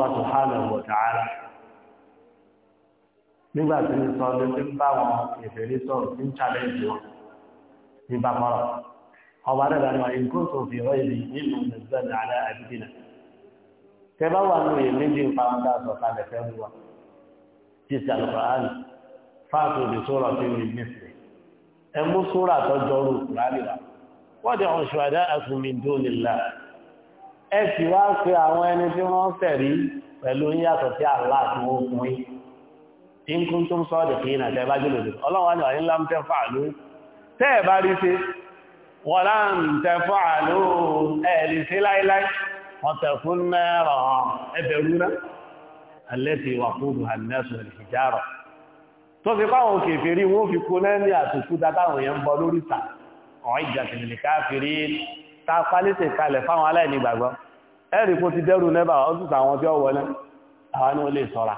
Speaker 3: náà wọ̀ tààrà nígbà tí ń sọ ló ti ń bá wọn ìfèrí sọ̀rọ̀ tí ń challenge wọn ní bàbọ̀rọ̀ ọba rẹ̀ lọ́nà nǹkan tó fi rọ́ ibi nínú nàìjíríà alẹ́ àdúgbìnà tẹ bá wà nínú ìmẹ́jì
Speaker 1: ìpamọ́dá sọ̀kalẹ̀ fẹ́ wù wá
Speaker 3: ti sàlùkọ́ránì fáàtò òdì sórọ̀ tí mi nífẹ̀ẹ́ ẹ mú sórà tọ́jọ́ rò kúránì wa wọ́n ti hàn ṣùwádà àfùmíńdó nílá ẹ sì wá pé àwọn ẹni tí wọ́n fẹ̀rí pẹ̀lú yíyàtọ̀ sí àlá àti wọn fún yín in kuntum sadiqina tẹ́ bá jùlọ ọlọ́wọ́ ni ọ̀yìn lam taf'alu tẹ́ bá rí sí wa lam taf'alu ẹ̀rì sí láíláí ọ̀tẹ̀kún náà ẹbẹ̀rúnà allati waquduha an-nasu wal-hijara tó fi páwọn kèfèrí wọ́n fi kó náà ní àtòkú dátáwọn yẹn ẹ̀rì kó ti dẹ́rù nẹ́bà ọ́sùsà àwọn tí ó wọlé àwọn ni ó lè sọ́ra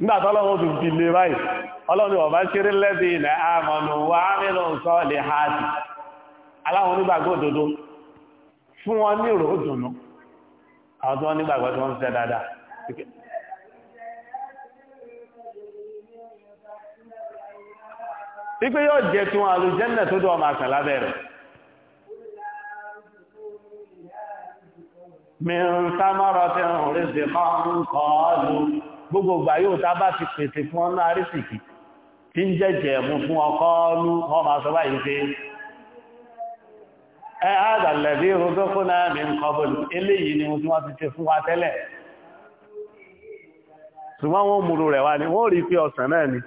Speaker 3: nígbàtọ́lọ́wọ́ tó fi lè ráì ọlọ́ni ọ̀bá ṣeré lẹ́dí ilẹ̀ àmọ̀nù wà nínú sọ lè ha jù aláwọn onígbàgbọ́ òdodo fún wọn ní ìrò òdùnnú àwọn tí wọ́n nígbàgbọ́ tí wọ́n ń fẹ́ dáadáa
Speaker 2: wípé yóò jẹ tí wọn tó
Speaker 3: dọ̀ ọmọ àkàn lábẹ́rẹ̀ mìíràn sámọ́rọ̀ tí wọn rí sí kọ́ ń kọ́ ọ́ lórí gbogbo ìgbà yóò tá bá ti pèsè fún ọ́nà àrísìkì tí ń jẹ́jẹ̀ mú fún ọkọ́ ọlú wọ́n máa sọ báyìí pé ẹ àdàlẹ̀bí rúgbó fún náà mi ń kọbọlù eléyìí ni wọ́n ti ṣe fún wa tẹ́lẹ̀ ṣùgbọ́n wọ́n múrú rẹ̀ wá ní wọ́n rí pé ọ̀sán náà ni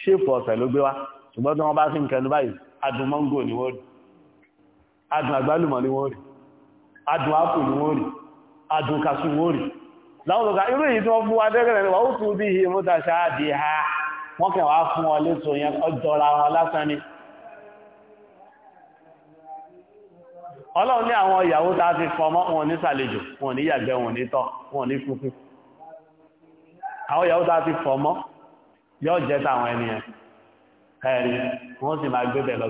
Speaker 3: ṣéèpù ọ̀sẹ̀ ló gbé wá ṣùgbọ́n tí wọ́n bá láwọn ọ̀gá irú èyí tí wọ́n fún wa dẹ́gẹ̀rẹ̀ rẹ̀ wà ó tún bí i mọ́ta ṣáàdì ha wọ́n kẹwà fún ọ lẹ́tọ̀ yẹn ọjọ́ra wọn lásán ni ọlọ́run ní àwọn ìyàwó tá a ti fọmọ́ wọn ní sàlejò wọn ní yàgbẹ́ wọn ní tọ́ wọn ní fúnfún àwọn ìyàwó tá a ti fọmọ́ yóò jẹ́ táwọn ẹni yẹn ẹ̀rí wọ́n sì máa gbé bẹ̀ lọ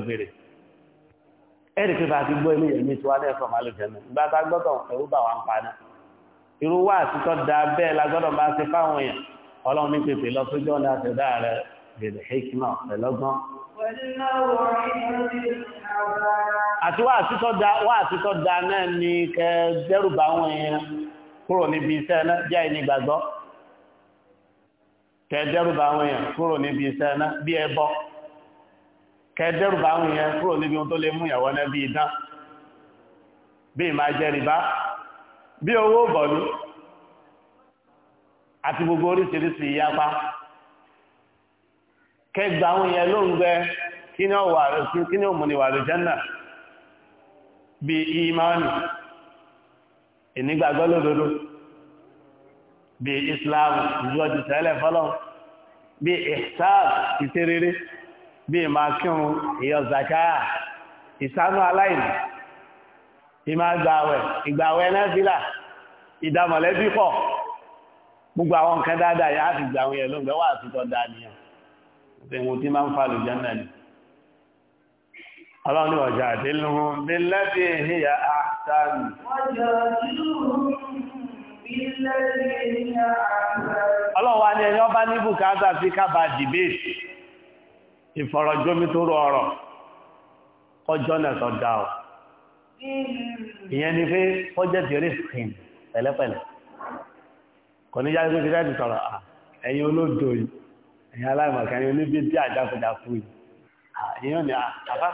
Speaker 3: ẹ̀rí pé ti gbọ́ ilé yẹn ní ẹ̀fọ́ náà ìgbà irú wá àtúntọ́ da bẹ́ẹ̀ lágbọ́dọ̀ máa ṣe fáwọn èèyàn ọlọ́run ní pèpè lọ sójú ọ̀nà àtẹ̀dá rẹ̀ bèbè hekima pẹ̀lọ́gbọ́n. àti wá àtúntọ́ da wá àtúntọ́ da náà ni kẹ dẹ́rù bá àwọn èèyàn kúrò níbi iṣẹ́ náà jẹ́ ẹni gbàgbọ́ kẹ dẹ́rù bá àwọn èèyàn kúrò níbi iṣẹ́ náà bí ẹbọ kẹ dẹ́rù bá àwọn èèyàn kúrò níbi ohun tó lè mú ìyàwó náà bí idán bí ìmájẹ́ bí owó bọ̀lú àti gbogbo oríṣiríṣi ìyapa kẹgbà àwọn èèyàn ló ń gbẹ kí ní ọwà rẹ̀ kí ni jẹ́nà bí imani bí islam ìjọ ti tẹ́lẹ̀ fọ́lọ́ bí ihsan ìṣerere bí ìmàkírun ìyọ zakah ìsánú ìmá gbàwẹ̀ ìgbàwẹ̀ nẹ́fílà ìdámọ̀lẹ́bí pọ̀ gbogbo àwọn nǹkan dáadáa yá ti gbà àwọn ẹ̀lọ́gbẹ̀ wà àtútọ́ dáadìyàn tẹ̀wọ̀n tí máa ń fa lù jẹ́nà ni ọlọ́run ni ọjà àdínlùhùn bí lẹ́bí ìhìyà àtàrí ọlọ́run wa ni ẹni ọba ní bùkátà sí kábà dìbéètì ìfọ̀rọ̀jómi tó rọ ọ̀rọ̀ ọjọ́ náà tọ́
Speaker 1: ìyẹn
Speaker 3: ni pé kọjá tèrè sìn pẹ̀lẹ́pẹ̀lẹ́ kò ní yára pé kí sọ̀rọ̀ ẹ̀yin olódo yìí ẹ̀yin aláìmọ̀kẹ́ ẹ̀yin oníbi bí àjáfẹ́jáfú yìí ìyẹn ni àbá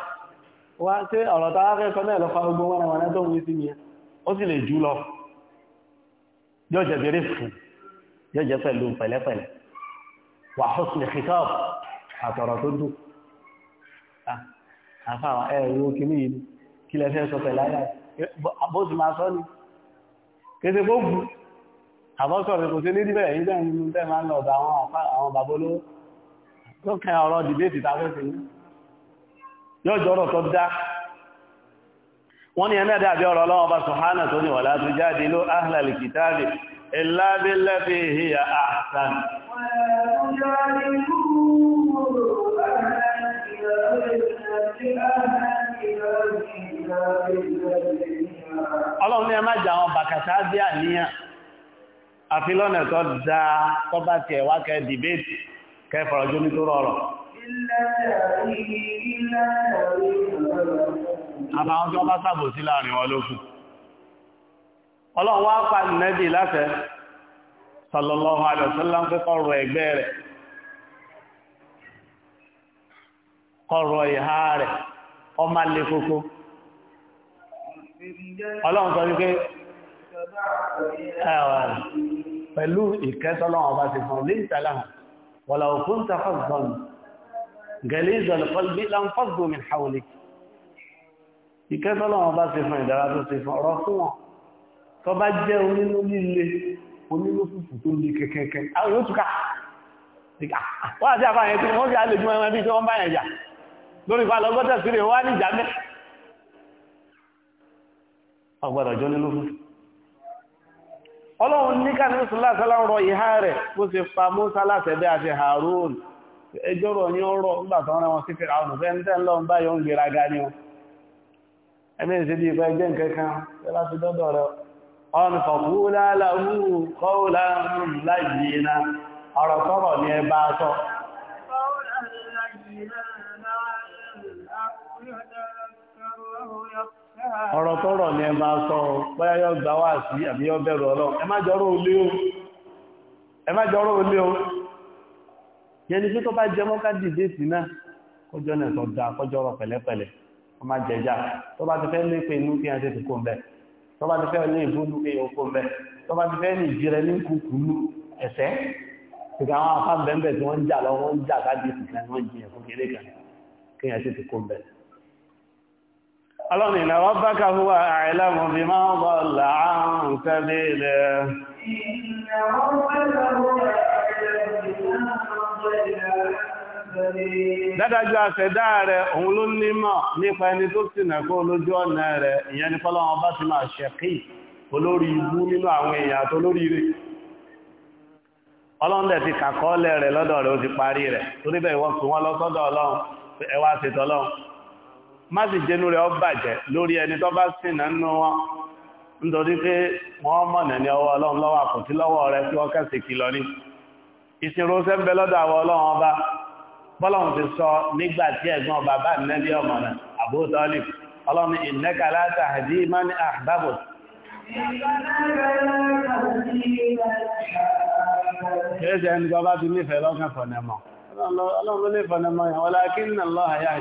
Speaker 3: wá tí ọ̀rọ̀ tá a kẹ́kọ̀ọ́ náà lọ́fà gbogbo wọn àwọn ẹ̀dọ́ wí sí mi ó sì lè jù lọ yóò jẹ́ tèrè sìn yóò jẹ́ pẹ̀lú pẹ̀lẹ́pẹ̀lẹ́ wà husnul khitab àtọ̀rọ̀ tó dùn àfà ẹ̀rọ kìíní yìí kí lẹ fẹ́ sọ pẹ̀láyà bóòsì máa sọ ní kéde kó bù àbọ́sọ̀ rẹ̀ kò sí nídìí bẹ̀rẹ̀ yíjẹ́ ìlú tẹ́ máa ń lọ ọ̀dọ̀ àwọn bàbá olówó tó kẹ ọ̀rọ̀ dìbéètì tàbí sí yóò jọ ọ̀rọ̀ tó dá wọ́n ní ẹ̀mẹ́ dàbí ọ̀rọ̀ ọlọ́wọ́ bá sùhánà tó ní wala tujadilu
Speaker 1: ahlal ọlọ́run ní ẹ má jà
Speaker 3: àwọn bàkàtà bí àníyàn tó dáa tó bá tiẹ̀ wá kẹ́ dìbéètì kẹ́ ní tó rọrọ̀ àbáwọn tí wọ́n bá sàbò sí láàrin wọn lókù ọlọ́run wá
Speaker 1: pa nẹ́bì láfẹ́
Speaker 3: ọmọ kókó ọlọ́run sọ wípé pẹ̀lú ìkẹ́sọ́lọ́run ọba ti fún lè ìtàlá wọ̀lá òkun tafọ́gbọ̀n gẹ̀lẹ́ ìzọ̀lẹ̀kọ́lbí láńfọ́gbọ̀mìn haúlì ìkẹ́sọ́lọ́run ọba ti fún ìdára tó ti fún ọ̀rọ̀ fún wọn tó bá jẹ́ onínú líle onínú fùfù tó lè kẹ́kẹ́kẹ́ àwọn yóò túká wọ́n àti àfáàyẹ̀ tí wọ́n ti ọgbọ̀dọ̀ jọ nínú fún ọlọ́run ní kàníkù sọ́lá rọ ìhá rẹ̀ bó ṣe fa Mùsá látẹ̀bẹ́ àti Harun ẹjọ́rọ̀ ní ọrọ̀ nígbàtọ̀ fi ní
Speaker 2: ọ̀rọ̀ tó rọ̀ ní ẹmà sọ
Speaker 3: báyá yọ gbà wá sí àbí yọ bẹ̀rù ọlọ́run ẹ má jọrọ olé o yẹni tí tó bá jẹ mọ́ká dìde sí náà kọjọ́ náà tó dáa kọjọ́ rọ pẹ̀lẹ́pẹ̀lẹ́ wọ́n má jẹjá tó bá ti fẹ́ ní pé inú kí a ṣe ti kó mbẹ́ tó bá ti fẹ́ ní ìbúnú kí a kó mbẹ́ tó bá ti fẹ́ ní ìjírẹ ní kúkúlú ẹ̀sẹ́ ìgbà àwọn afá bẹ́ẹ̀ bẹ́ẹ̀ tí wọ́n ń jà lọ wọ́n ń jà ká ọlọ́run ìnà rabbaka huwa a'lamu biman dalla 'an sabilihi dádájú àṣẹ̀dá rẹ̀ òun ló nímọ̀ nípa ẹni tó sì nà kó lójú ọ̀nà rẹ̀ ìyẹn ni fọ́lọ́wọ́n bá ti máa ṣẹ̀kí olórí ibú nínú àwọn èèyàn àti olórí rẹ̀ ọlọ́ndẹ̀ ti kàkọ́ọ́lẹ̀ rẹ̀ lọ́dọ̀ rẹ̀ ó ti parí rẹ̀ torí bẹ́ẹ̀ wọ́n fi wọ́n lọ ọlọ́run ẹwà ṣètọ́lọ́run má sì jẹnu rẹ̀ ọ bàjẹ́ lórí ẹni tó bá sìnà nínú wọn nítorí pé wọ́n mọ̀nà ní ọwọ́ ọlọ́run lọ́wọ́ àkùtí lọ́wọ́ rẹ̀ tí wọ́n kẹsì kìlọ ní ìsinrò sẹ́ńbẹ́ lọ́dọ̀ àwọn ọlọ́run ọba bọ́lọ̀hún ti sọ nígbà tí ẹ̀gbọ́n bàbá nẹ́bí ọmọ̀nà àbótọ́lì ọlọ́run innaka la tahdi man ahbabta kẹ́ẹ̀sẹ̀ ẹni tó ọlọ́run ló lè fọ̀nẹ̀mọ̀ yẹn walakinna Allaha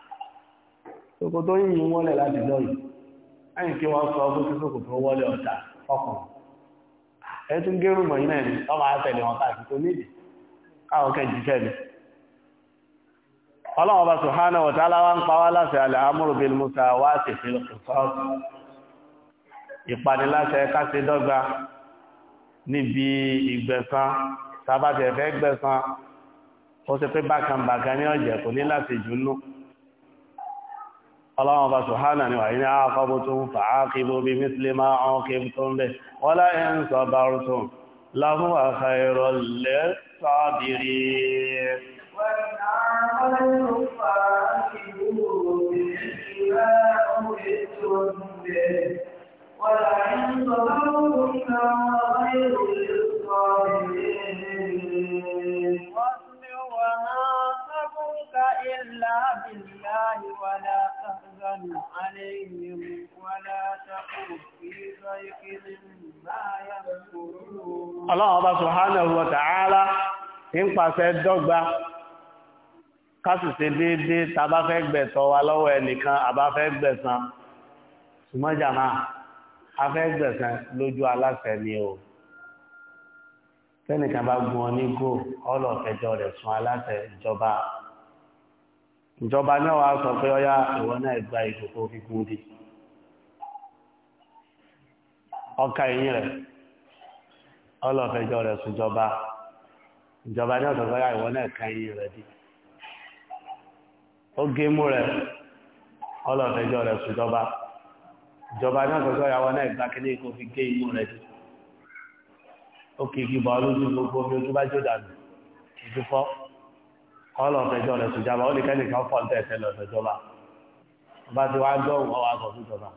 Speaker 3: ṣòkòtò yìí ń wọlé láti lọ yìí ẹ̀yìn kí wọ́n sọ fún kíkòkò tó wọlé ọ̀tá ọkàn ẹ tún gẹ́rù mọ̀ iná ẹni ọmọ àtẹ̀lẹ̀ wọn káàkiri tó nídìí káwọn kẹ́ jíṣẹ́ mi ọlọ́wọ́n bá sùhánà wọ̀tá aláwá ń pa wá láti alẹ́ amúrùbíl musa wá sì fi sọ́ọ̀tù ìpaniláṣẹ káṣe dọ́gba níbi ìgbẹ̀san tàbátẹ̀ fẹ́ gbẹ̀san ó ti pé bákan bàkan ní ọ̀jẹ̀ kò ní láti jùlọ الله سبحانه وإن عاقبتم فعاقبوا بمثل ما عاقبتم به ولئن صبرتم لهو خير للصابرين
Speaker 1: وإن عاقبتم فعاقبوا بمثل ما عاقبتم به ولئن صبرتم لهو خير للصابرين إلا بالله ولا تحزن عليهم ولا تقل في ضيق مما يمكرون الله سبحانه وتعالى
Speaker 3: ń pàṣẹ dọ́gba kásìsì déédéé tàbá fẹ́ gbẹ̀tọ́ wa lọ́wọ́ ẹnìkan àbá fẹ́ gbẹ̀san sùmọ́jàmá a fẹ́ gbẹ̀san lójú aláṣẹ ni o tẹ́nìkan bá gun ọ ní gò ọlọ́ọ̀fẹ́jọ rẹ̀ sun aláṣẹ ìjọba ìjọba náà wá sọ pé ọyá ìwọ náà gba ìkòkò kíkún bí ọkà ẹ̀yìn rẹ̀ ọlọ́fẹjọ́ rẹ̀ sùjọba ìjọba náà sọ pé ọyá ìwọ náà ka ẹ̀yìn rẹ̀ bí ó gé mú rẹ̀ ọlọ́fẹjọ́ rẹ̀ sùjọba ìjọba náà sọ pé ọyá ìwọ náà gba kíní kó fi gé imú rẹ̀ bí ó kì í kí bọ́ lójú gbogbo omi ojú bá jò dànù ìdúfọ́ ọlọ́ọ̀fẹ́jọ́ rẹ̀ sùjábà ó lè kẹ́lì kan fọ́n tẹ́ẹ̀tẹ́ lọ́fẹ́jọba bá ti wá gbọ́ ọwọ́ aṣọ fúnjọba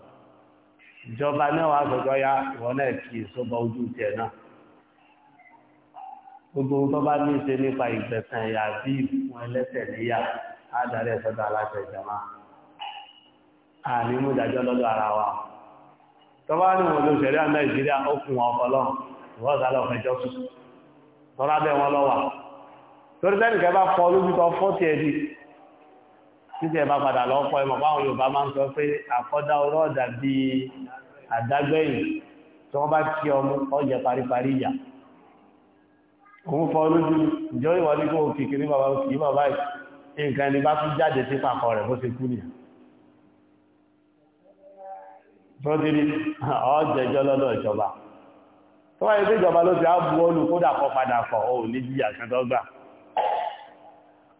Speaker 3: ìjọba náà wà sọ́jọ́ ya ìwọ náà kì í sọ́bọ ojú tiẹ̀ náà gbogbo tó bá ní ṣe nípa ìgbẹ̀sán ẹ̀yà bí ìfún ẹlẹ́sẹ̀ níyà á ẹ̀sọ́dọ̀ aláṣẹ ìjọba àní mú ìdájọ́ lọ́dọ̀ ara wa tó bá ní wọn ló Nàìjíríà ó fún wọn ọpọlọ ìwọ́sà sùn tọ́lá bẹ́ẹ̀ wọn lọ́wọ́ torí sẹ́ni kẹ́ bá fọ́ lójútọ́ fọ́tì ẹ̀dì títí ẹ̀ bá padà lọ fọ́ ẹ̀mọ̀ báwọn Yorùbá máa ń sọ pé àkọ́dá ọ̀rọ̀ ọ̀dà bíi àdágbẹ́yìn tí wọ́n bá kí ọmú ọjà paríparí ìyà òun fọ́ lójú ìjọ ìwà ní kó kìkiri bàbá kìí bàbá yìí nǹkan ni bá tún jáde sí pàkọ rẹ̀ bó ṣe kú nìyà tọ́dírí ọjẹ́jọ́ lọ́dọ̀ ìjọba tó wáyé pé ìjọba ló ti á bu olù kódà kọ padà fọ̀ ò ní jíyà kan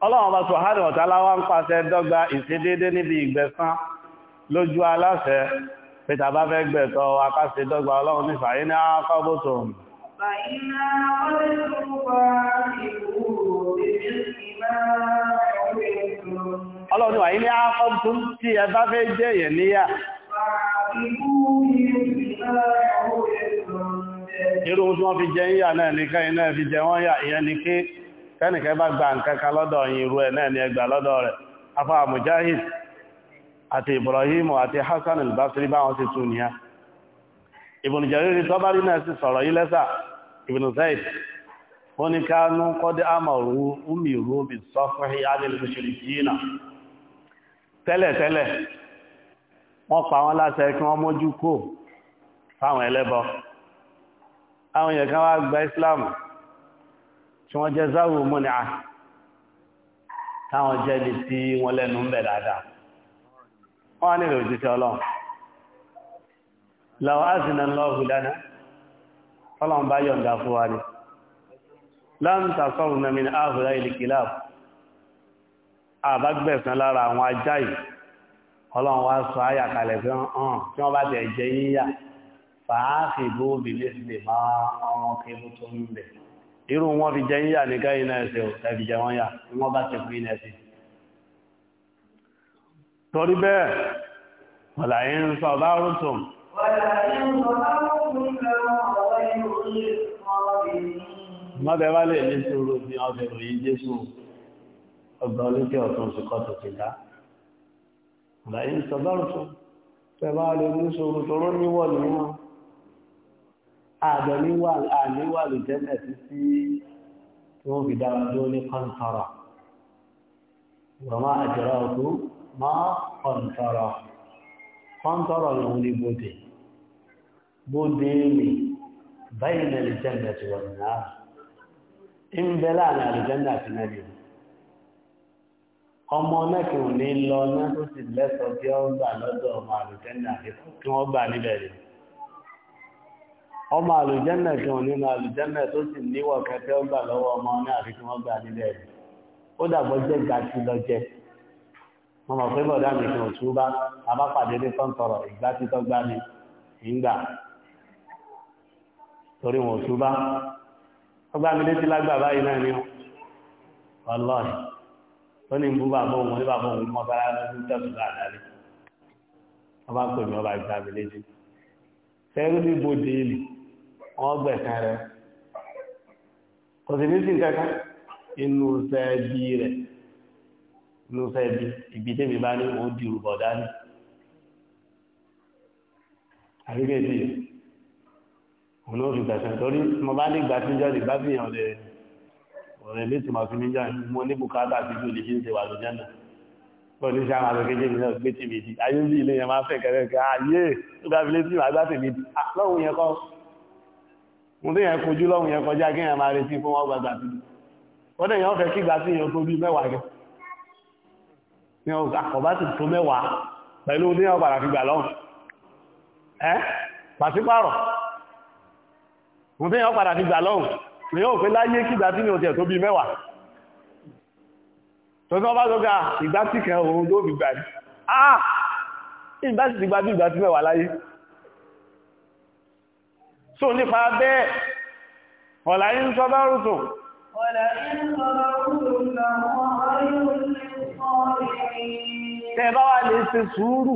Speaker 3: ọlọ́run ọba sọ̀hánì ọ̀tàláwà ń pàṣẹ dọ́gba ìṣedédé níbi ìgbẹ̀san lójú aláṣẹ pẹ̀tà bá fẹ́ gbẹ̀tọ̀ akáṣẹ dọ́gba ọlọ́run ní fàyí ní akọ́bọ̀tò ọlọ́run wàyí ní akọ́bọ̀tò tí ẹ bá fẹ́ irú tí wọ́n fi jẹ ń yà náà nìkan iná fi jẹ wọ́n yà ìyẹn ni pé tẹ́nìkẹ́ bá gba nǹkan kan lọ́dọ̀ yín irú ẹ̀ náà ni ẹ lọ́dọ̀ rẹ̀ àti ibrahim àti Hassan al-basri báwọn ti tún níyà ibùn jariri tọ́bárí náà sì sọ̀rọ̀ yí lẹ́sà ibùn zaid ó ní kánú kọ́dé àmọ̀rú umiru islam tí wọ́n jẹ́ záwò múnà táwọn jẹ́ lè tí wọ́n lẹ́nu ń bẹ̀ dáadáa wọ́n wá nílò òjíṣẹ́ ọlọ́run lọ́wọ́ azìnà lọ́wọ́ dáná ọlọ́run bá yọ̀ǹda fún wa ní láǹtà sọ́rùn náà mìíràn áhùrá ìlìkìláà àbágbẹ̀sán lára lè máa ọmọ kébù tó ń bẹ̀rẹ̀ irú wọn fi jẹ yíyà nìkan iná ẹsẹ̀ ẹ̀fì jẹ wọn yà ní wọ́n bá ti fún iná ẹsẹ̀ torí bẹ́ẹ̀ wọ̀là yìí ń sọ bá rútùn
Speaker 1: mọ́bẹ̀ wá lè ní
Speaker 3: sùúrù ní ọbẹ̀ òyìn jésù ọgbà olókè ọ̀tún ṣùkọ́ tó ti dá ń sọ bá rútùn àjọ níwà lè jẹ́mẹ̀ sí sí tí wọ́n fi dára ní kọ́ntọ́rọ̀
Speaker 2: wọ́n àjẹ́rà ọkú
Speaker 3: máa kọ́ntọ́rọ̀ kọ́ntọ́rọ̀ lòun ní bóde bóde na lè jẹ́mẹ̀ tí wọ́n náà ń na láàrin àlùjẹ́mẹ̀ àti ọmọ lọ náà tó sì lẹ́sọ̀ọ́ tí ọ ọmọ ọmọ àlùjẹ́nà tí wọ́n nínú àlùjẹ́nà tó sì níwọ̀ kẹtẹ́ ọgbà lọ́wọ́ ọmọ ní àfikún ọgbà nílẹ̀ rẹ̀ ó dàbọ̀ jẹ́ gàtí lọ́jẹ́ wọ́n mọ̀ pé bọ̀dá mi kò tú bá abápàdé ní tọ́ntọ̀rọ̀ ìgbà títọ́ gbá mi ìgbà torí wọn ò tú bá ọgbà mi létí lágbà báyìí náà ni ọlọ́ọ̀ni ó ní bú bàbá òun ní bàbá òun mọ́ sára lọ́dún tẹ̀sùn láàdáre ọba pè mí ọba ìgbà mi létí fẹ́rú ní bòdì ìlú wọ́n gbẹ̀sán rẹ̀ kò sì ní sí kankan inú sẹ́ẹ̀bí rẹ̀ inú sẹ́ẹ̀bí ibi tẹ́mi bá ní òun di rúbọ̀ dání àríkè sí òun ló fi gbẹ̀sán torí mo bá ní ìgbà tíjọ́ lè bá fìyàn lè ọ̀rẹ́ létí màá fi mí jà ní bùkátà sí ju olùṣe ṣe wà lójẹ́ náà pẹ̀lú iṣẹ́ àwọn akẹ́kẹ́ mi náà gbé tèmi ayé bí ilé yẹn máa fẹ́ kẹ́rẹ́kẹ́ ayé tó bá fi létí màá gbá tèmi di ah, lọ́hùn yẹn kọ́ mo tí yẹn kojú lọ́hùn yẹn kọjá kí yẹn máa retí fún wọn gbàgbà sí wọ́n dẹ̀ yẹn fẹ́ kí gbà sí yẹn tó bí mẹ́wàá rẹ̀ ní ọgbà ọba sì tó mẹ́wàá pẹ̀lú ní ọgbà àfi gbà lọ́hùn ẹ́ pàṣípàrọ̀ mo tí yẹn padà fi gbà lọ́hùn mi yóò pé láyé kí gbà sí yẹn tiẹ̀ tó bí mẹ́wàá tó tí wọ́n bá lọ́gà ìgbà tí kẹ́ so nípa bẹ́ẹ̀ ọ̀là ń sọ bá rùtù tẹ́ bá wà lè ṣe sùúrù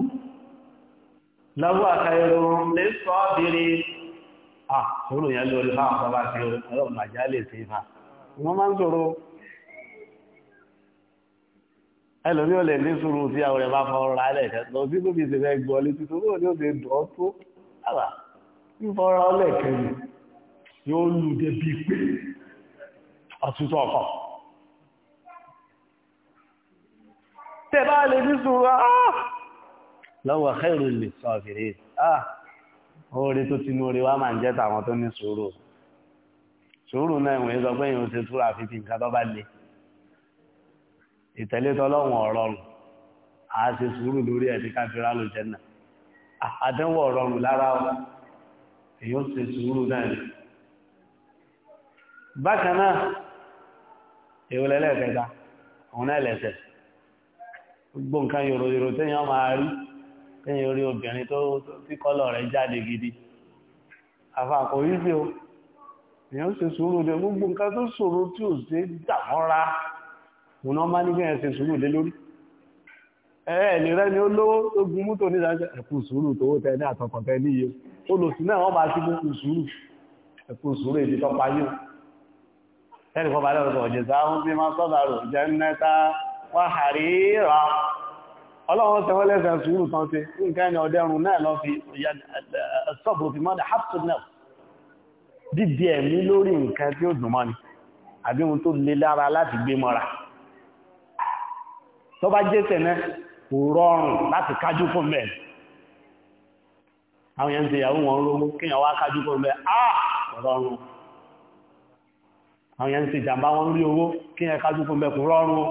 Speaker 3: lọ́wọ́ àkàrò lè sọ bèèrè ah sùúrù yẹn lórí fáwọn bàbá sí ọlọ́run màjá lè ṣe fà wọ́n máa ń ẹlòmí ò ní sùúrù tí àwọn ẹ̀ fọ́ ọ̀rọ̀ alẹ́ ìṣẹ́ sí tó fi ṣe fẹ́ gbọ́ létí tó bóò ní ó ṣe dùn ìfọ́ra ọlẹ́ẹ̀kẹ́lì yóò lù dé bí pé àtúntọ́ ọkọ̀
Speaker 1: tẹ́bá lè ní ṣúra ah!
Speaker 3: lọ́wọ́ ẹ̀rù lè sọ fèrè ah! oore tó ti lóore wá máa ń jẹ́ tàwọn tó ní sùúrù sùúrù náà ìwọ̀n sọ pé èèyàn ṣe túra fífi nǹkan tó bá le ìtẹ̀lé tọ́lọ́wọ̀n ọ̀rọ̀rùn àá ṣe sùúrù lórí ẹ̀ tí káfíńrà ló jẹ́ náà àdánwò ọ̀rọ̀rùn lára wọn èyàn ṣe sùúrù náà ni bákan náà èwòlẹ̀ lẹ́ẹ̀kẹta òun náà lẹ́sẹ̀ gbogbo nǹkan yòròyòrò téèyàn máa rí téèyàn rí obìnrin tó tí kọ́lọ̀ rẹ̀ jáde gidi àfàkò yíṣẹ́ o èyàn ṣe sùúrù dé gbogbo nǹkan tó ṣòro tí ò ṣe dàmọ́ra òun náà máa ní kí èyàn ṣe sùúrù dé lórí ẹ̀ẹ́ ìlera ni ó lówó tó gun mọ́tò nígbà ẹ̀kú sùúrù tówó tẹ ní àtọkọ̀tẹ níye olùsí náà wọ́n máa ti mú ìṣúrù ẹ̀kùn ìṣúrù èdè tọ́pa yóò ẹni kọ́ balẹ̀ ọ̀rọ̀ ọ̀jẹ̀ sáwọn bí máa sọ́bàrò jẹ́ mẹ́ta wà hàrí rà ọlọ́run tẹ́wọ́ lẹ́sẹ̀ sùúrù tán ti nǹkan ẹni ọ̀dẹ́rùn náà lọ fi sọ́bù fi mọ́dà hapsonet dídí ẹ̀mí lórí nǹkan tí ó dùn àwọn èèyàn ti ìyàwó wọn lówó kíyàn wá kájú kó lẹ ààrọrùn àwọn èèyàn ti ìjàmbá wọn rí owó kíyàn kájú kó lẹ kò rọrùn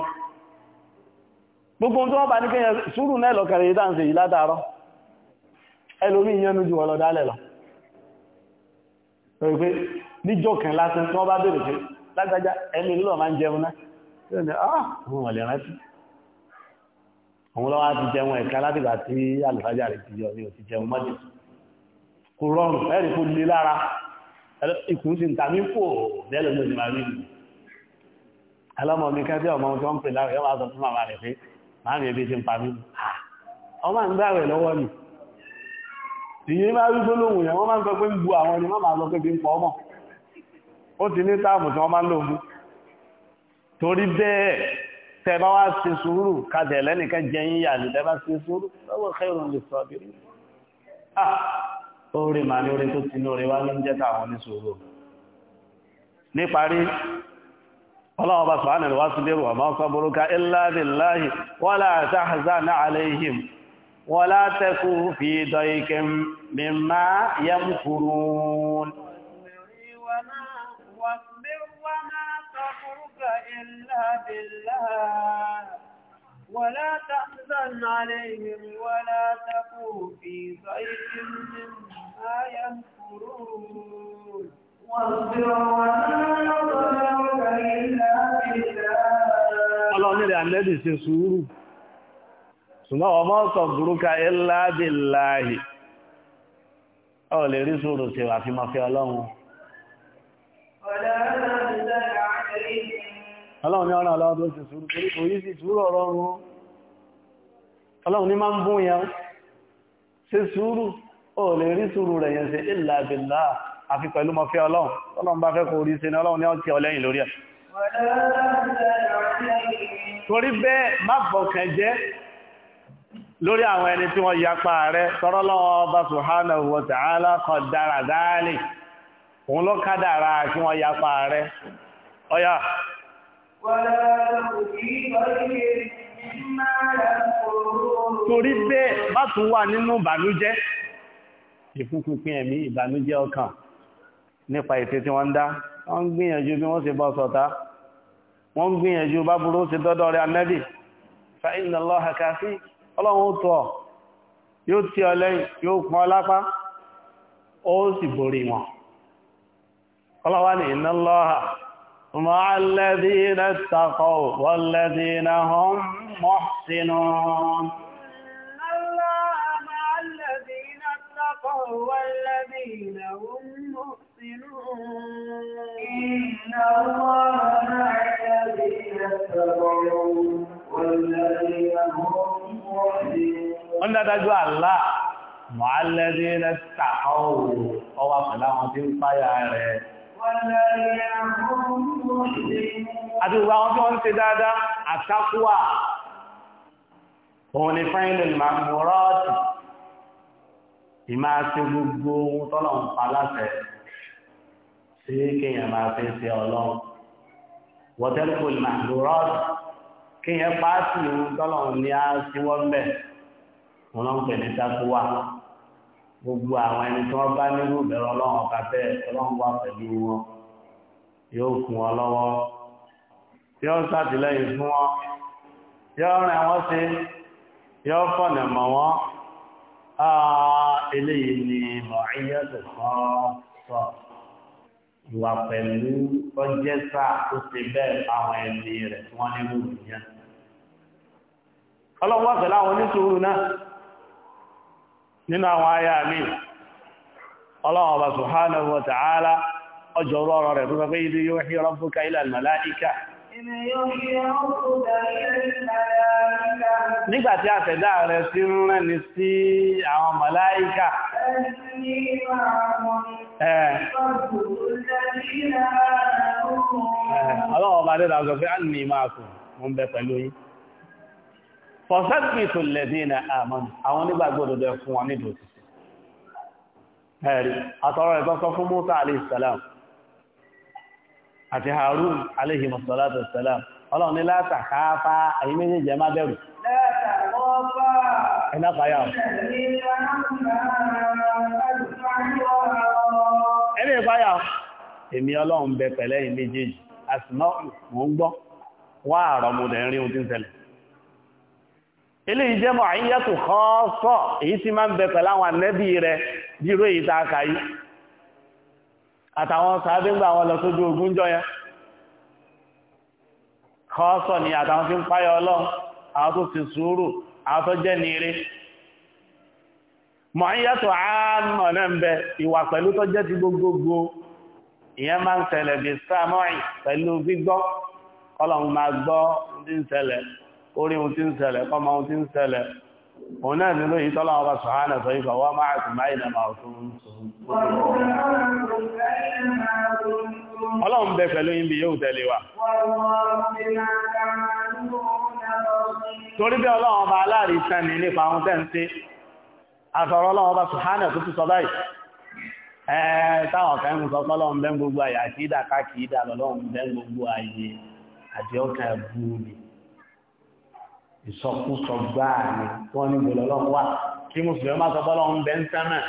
Speaker 3: gbogbo tó wọ́n bá ní kíyàn sùúrù náà lọ́kẹ̀rẹ̀ yìí dáǹsẹ̀ yìí látàárọ̀ ẹlòmí ìyẹnu ní ah àwọn ọ̀lẹ̀ rántí àwọn lọ́wọ́ á ti jẹun ẹ̀ka látìgbà kò rọrùn ẹ̀rì kò lè lára ikùn sí ta ní fò lẹ́lẹ̀ lórí màrí nì alámọ mi kẹ́tẹ́ ọmọ tó ń pè lára yọ́ máa sọ fún màmá rẹ̀ pé màá mi ebi ti ń pa mí ọmọ ń gbà rẹ̀ lọ́wọ́ ni ìyẹn máa rí gbólóhùn yẹn wọ́n máa ń sọ pé ń bu àwọn ni wọ́n máa sọ pé bí ń pọ̀ ọmọ ó ti ní táàmù tí wọ́n máa ń lò mú torí bẹ́ẹ̀ tẹ bá wá ṣe sùúrù kàtẹ̀ lẹ́nìkan jẹyìn yà ní tẹ bá ṣe sùúrù lọ́wọ́ kẹrùn lè sọ orí màá ní orí tó ti ní orí wá ní jẹ́ táwọn oníṣòro níparí ọlọ́wọ́ bá sọ̀rọ̀ ànàlùwá sí lérò ọmọ ọkọ̀bùrúká ìlàdìláhì wala tahzan alayhim wala taku fi daykin mimma yamkurun
Speaker 1: واصبر وما صبرك إلا بالله ولا تحزن عليهم ولا تكو في ضيق مما يمكرون واصبر وما يضرك إلا بالله الله نرى الذي سيسوره
Speaker 3: ṣùgbọ́n ọmọ sọ̀gbùrúkà ilá bí láàáyì ọ̀ lè rí sùúrù sí àfihàn fẹ́ ọlọ́run ọlọ́run ní ọ̀rọ̀ aláwọ̀ tó ṣe sùúrù torí kò yí sí sùúrù ọ̀rọ̀ ọ̀run ọlọ́run ní máa ń bún yẹn ṣe sùúrù ó lè rí sùúrù rẹ̀ yẹn ṣe ìlà àbìlà àfi pẹ̀lú mọ́ fẹ́ ọlọ́run ọlọ́run bá fẹ́ kò rí ṣe ní ọlọ́run ní ọ̀tí subhanahu wa ta'ala kan dára dáálì òun ló kádàrá kí wọ́n
Speaker 1: Torí bẹ́ẹ̀ bá
Speaker 3: tún wà nínú ìbànújẹ́, ìfúnpínpín ẹ̀mí ìbànújẹ́ ọkàn nípa ètè tí wọ́n ń dá, wọ́n ń gbìyànjú bí wọ́n ṣe bọ́ sọ̀tá, wọ́n ń gbìyànjú bá burú sí dọ́dọ̀ rẹ̀ anẹ́bì, fa مع الذين اتقوا والذين هم محسنون
Speaker 1: الله مع الذين اتقوا والذين هم محسنون إن الله مع الذين اتقوا والذين هم محسنون
Speaker 3: قلنا الله مع الذين اتقوا هو فلا ما
Speaker 1: àti ìwà àwọn tí wọ́n ń ṣe
Speaker 3: dáadáa àtàkùwà òun ni fẹ́ẹ̀lì mọ̀rọ́ọ̀tì ìmá ṣe gbogbo ohun tọ́lọ̀ ń pa láṣẹ sí kéèyàn máa fi ṣe ọlọ́run wọ́tẹ́lùkù mọ̀rọ́ọ̀tì kéèyàn pàásì ohun gbogbo àwọn ẹni tí wọ́n bá nínú ìbẹ̀rẹ̀ ọlọ́run ọ̀ka bẹ́ẹ̀ ọlọ́run wà pẹ̀lú wọn yóò kún wọn lọ́wọ́ yóò ṣàtìlẹ́yìn fún wọn yóò rìn wọ́n sí yóò fọ̀nà mọ̀ wọ́n eléyìí ni mọ̀ọ́yẹ́ tó kàn sọ ìwà pẹ̀lú ọjẹ́ sáà tó ṣe bẹ́ẹ̀ àwọn ẹni rẹ̀ tí wọ́n nínú ìyẹn ọlọ́run wà pẹ̀lú àwọn oníṣòro náà nínú àwọn ayá mi ọlọ́run ọba subhanahu wa ta'ala ọjọ́ rọrọ rẹ̀ fún fẹ́ ìdí yóò hìrọ fún kaílà màláíkà nígbàtí àtẹ̀dá rẹ̀ sí ń rẹni sí àwọn màláíkà ọlọ́run ọba dẹ́dà sọ pé a nì máa kù mọ́ ń bẹ pẹ̀lú yìí fọ̀sẹ́gbìtò lẹ́dínà àmọ́nù àwọn onígbàgbọ́dọ̀dọ̀ fún wọn nídò ẹ̀rí àtọrọ ìkọ́kọ́ fún Musa aléìsàlám àti Harun aléìmọ̀sọ̀látọ̀sàlám ọlọ́run ní látàkáfá àyí méjèèjì ẹmá bẹ̀rù èmi ọlọ́run bẹ pẹ̀lẹ́ ìméjèèjì àsìmọ́ rí ohun tí ń eléyìí jẹ́ mọ̀ àyíyàtò kọ́ọ̀sọ̀ èyí tí máa ń bẹ pẹ̀lú àwọn ànẹ́bí rẹ bí irú èyí tá a àtàwọn sàábé wọn lọ sójú ogun ni àtàwọn fi ń páyọ ọlọ́run àwọn tó fi sùúrù àwọn tó jẹ́ nire mọ̀ àyíyàtò àánà náà ń bẹ ìwà pẹ̀lú tó jẹ́ ti gbogbogbò ìyẹn máa ń bí orí ohun tí ń ṣẹlẹ̀ kọmọ ohun tí ń ṣẹlẹ̀ òun náà nínú yìí tọ́lá ọba sọ̀hánà sọ ìfà wá máa tún máa ìnà máa tún
Speaker 1: ọlọ́run bẹ pẹ̀lú
Speaker 3: yín bí yóò tẹ̀lé wa torí bí ọlọ́run ọba aláàrí sẹ́ni sọ báyìí táwọn gbogbo àyà àti ìdàkà kìí dà gbogbo àyè àti ọkàn ẹ̀bú mi ìsọkúsọ gbáà ni wọ́n ní gbọ́lọ́ lọ́wọ́ wà kí mùsùlùmí máa sọ bọ́lọ́ ń bẹ ń sánà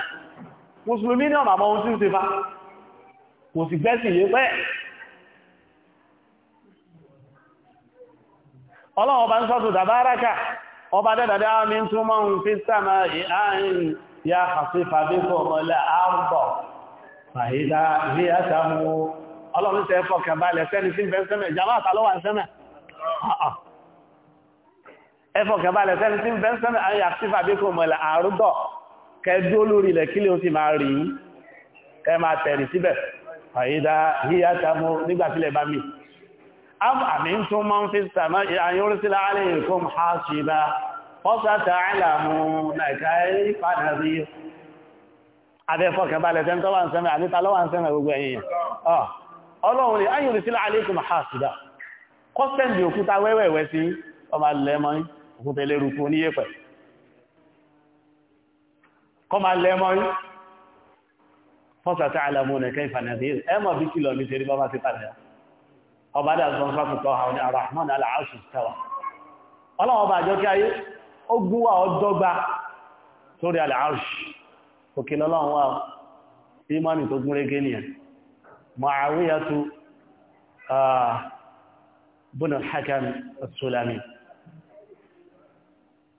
Speaker 3: mùsùlùmí ní ọ̀nà àmọ́ ohun tí ń ṣe fa kò sì gbẹ́sì yé pẹ́ ọlọ́run ọba ń sọ́tù tàbáraka ọba dẹ́dàdá ní túnmọ́ ń fi sánà ìhàn ya kàfí sẹ́ni sí ń sẹ́mẹ̀ jàmáà tàlọ́wà ń sẹ́mẹ̀ ẹfọ́ kẹbàlẹ̀ sẹ́ni tí ń bẹ́ sẹ́ni àyà tí fàbí kò mọ̀lẹ̀ àrúdọ̀ kẹdó lórí ilẹ̀ kílé ó sì máa rí kẹ máa tẹ̀rì síbẹ̀ àyídá híyá tamú nígbàtílẹ̀ bá mi àmì ń tún máa ọlọ́run ni àyúrísílá alẹ́ ìkún kọ́sẹ̀ndì òkúta wẹ́wẹ̀wẹ́ sí ọmọ alẹ́mọ́yìn òkúta eléruku oníyẹ̀pẹ̀ kọ́ máa lẹ́ mọ́ yín fọ́sà tá a lẹ́mú nìkan ìfànàdé ẹ mọ̀ bí kìlọ̀ mi ṣeré bábá ti pàdé ọba dà sọ fún akùtọ̀ àwọn arahman aláàṣù tẹwà ọlọ́wọ́ bá àjọ kí ayé ó gún wa ọdọ́gba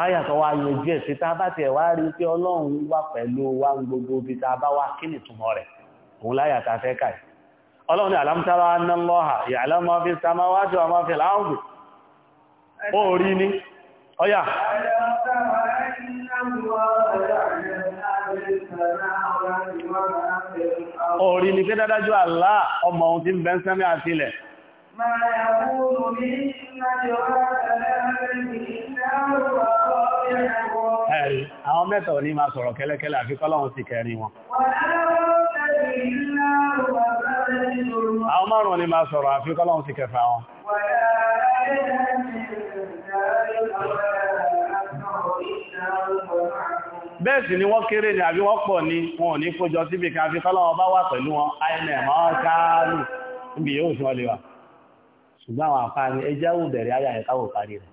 Speaker 3: ayàtọ̀ wa yanjú ẹ̀ sí tá a bá tiẹ̀ wá rí pé ọlọ́run pẹ̀lú gbogbo bí ta bá wá kí nìtumọ̀ rẹ̀ òun láyàtà fẹ́ káì ọlọ́run ni anáńlọ́hà ìyàlámọ́ fi samáwájú ọmọ fi láàrùn ó rí ní ẹ̀rí àwọn mẹ́ta ò ní máa sọ̀rọ̀ kẹ́lẹ́kẹ́lẹ́ àfi kọ́lọ́run sì kẹrin wọn àwọn márùn-ún ní máa sọ̀rọ̀ àfi kọ́lọ́run sì kẹfà wọn
Speaker 1: bẹ́ẹ̀ sì ni wọ́n
Speaker 3: kéré ni àbí wọ́n pọ̀ ni wọn ò ní kójọ síbi kan àfi kọ́lọ́run bá wà pẹ̀lú wọn inm ọ́káàlù níbi yóò fún ọlẹ́wà ṣùgbọ́n àwọn àfáà ní ẹjẹ́ òbẹ̀rẹ̀ ayà ẹ̀káwò parí rẹ̀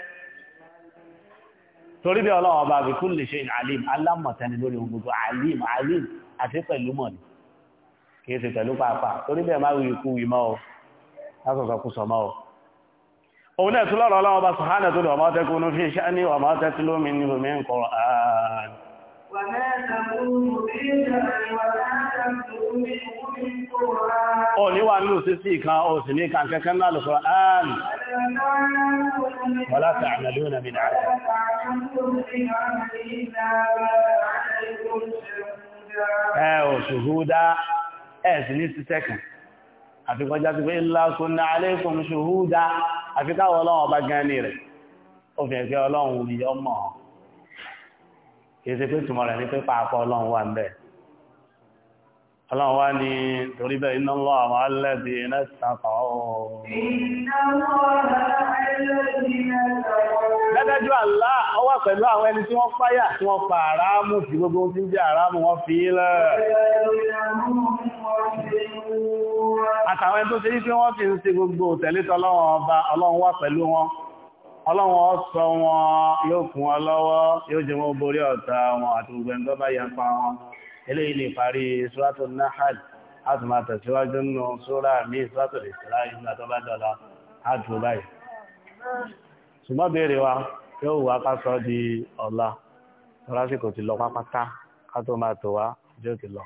Speaker 3: torí bí ọlọ́wọ́ bá bí kulli shay'in alim alámọ̀tẹ́ni lórí ohun gbogbo alim alim àti pẹ̀lú mọ̀ ni kìí ṣe pẹ̀lú pàápàá torí bẹ́ẹ̀ má wí ikú wí mọ́ ọ lásọ̀sọ̀ kú sọ mọ́ ọ. òun náà tún ọlọ́wọ́ bá subhanahu wa ma takunu Òníwà ní òsìsí ìkan òsì ní kan kẹ́kẹ́ náà lọ́kọ̀
Speaker 1: ààrùn. Wọ́lá
Speaker 3: tààmàlú na mìnà rẹ̀. Ẹ òṣùhúdá ẹ̀ sì ní sí sẹ́kàn. Àfikọjá ti pé ńlá kún náà alékùn ṣùhúdá àfikáwọ̀ ọlọ́run ọba gan Ọlọ́run wá torí bẹ́ iná lọ àwọn alẹ́bí iná sàkọ̀ ọ̀rọ̀.
Speaker 1: Lẹ́gbẹ́jú àlá, ó
Speaker 3: wà pẹ̀lú àwọn ẹni tí wọ́n fáyà tí wọ́n pa àrámù tí gbogbo tí ń jẹ́ àrámù wọ́n fi ilẹ̀. Àtàwọn ẹni tó ṣe yí wọ́n ti ń ṣe gbogbo tẹ̀lé tọ́lọ́run ọba, Ọlọ́run wà pẹ̀lú wọn ọlọ́wọ́n sọ eléyìí lè parí sóràtò nahal a tún máa tẹ̀síwájú nínú sóra mi sóràtò ìsìlá ìgbà tó bá dọ̀la a tún báyìí ṣùgbọ́n béèrè wa yóò wá ká sọ di ọ̀la lọ́lásìkò ti lọ pápátá ká wá ọjọ́ ti lọ.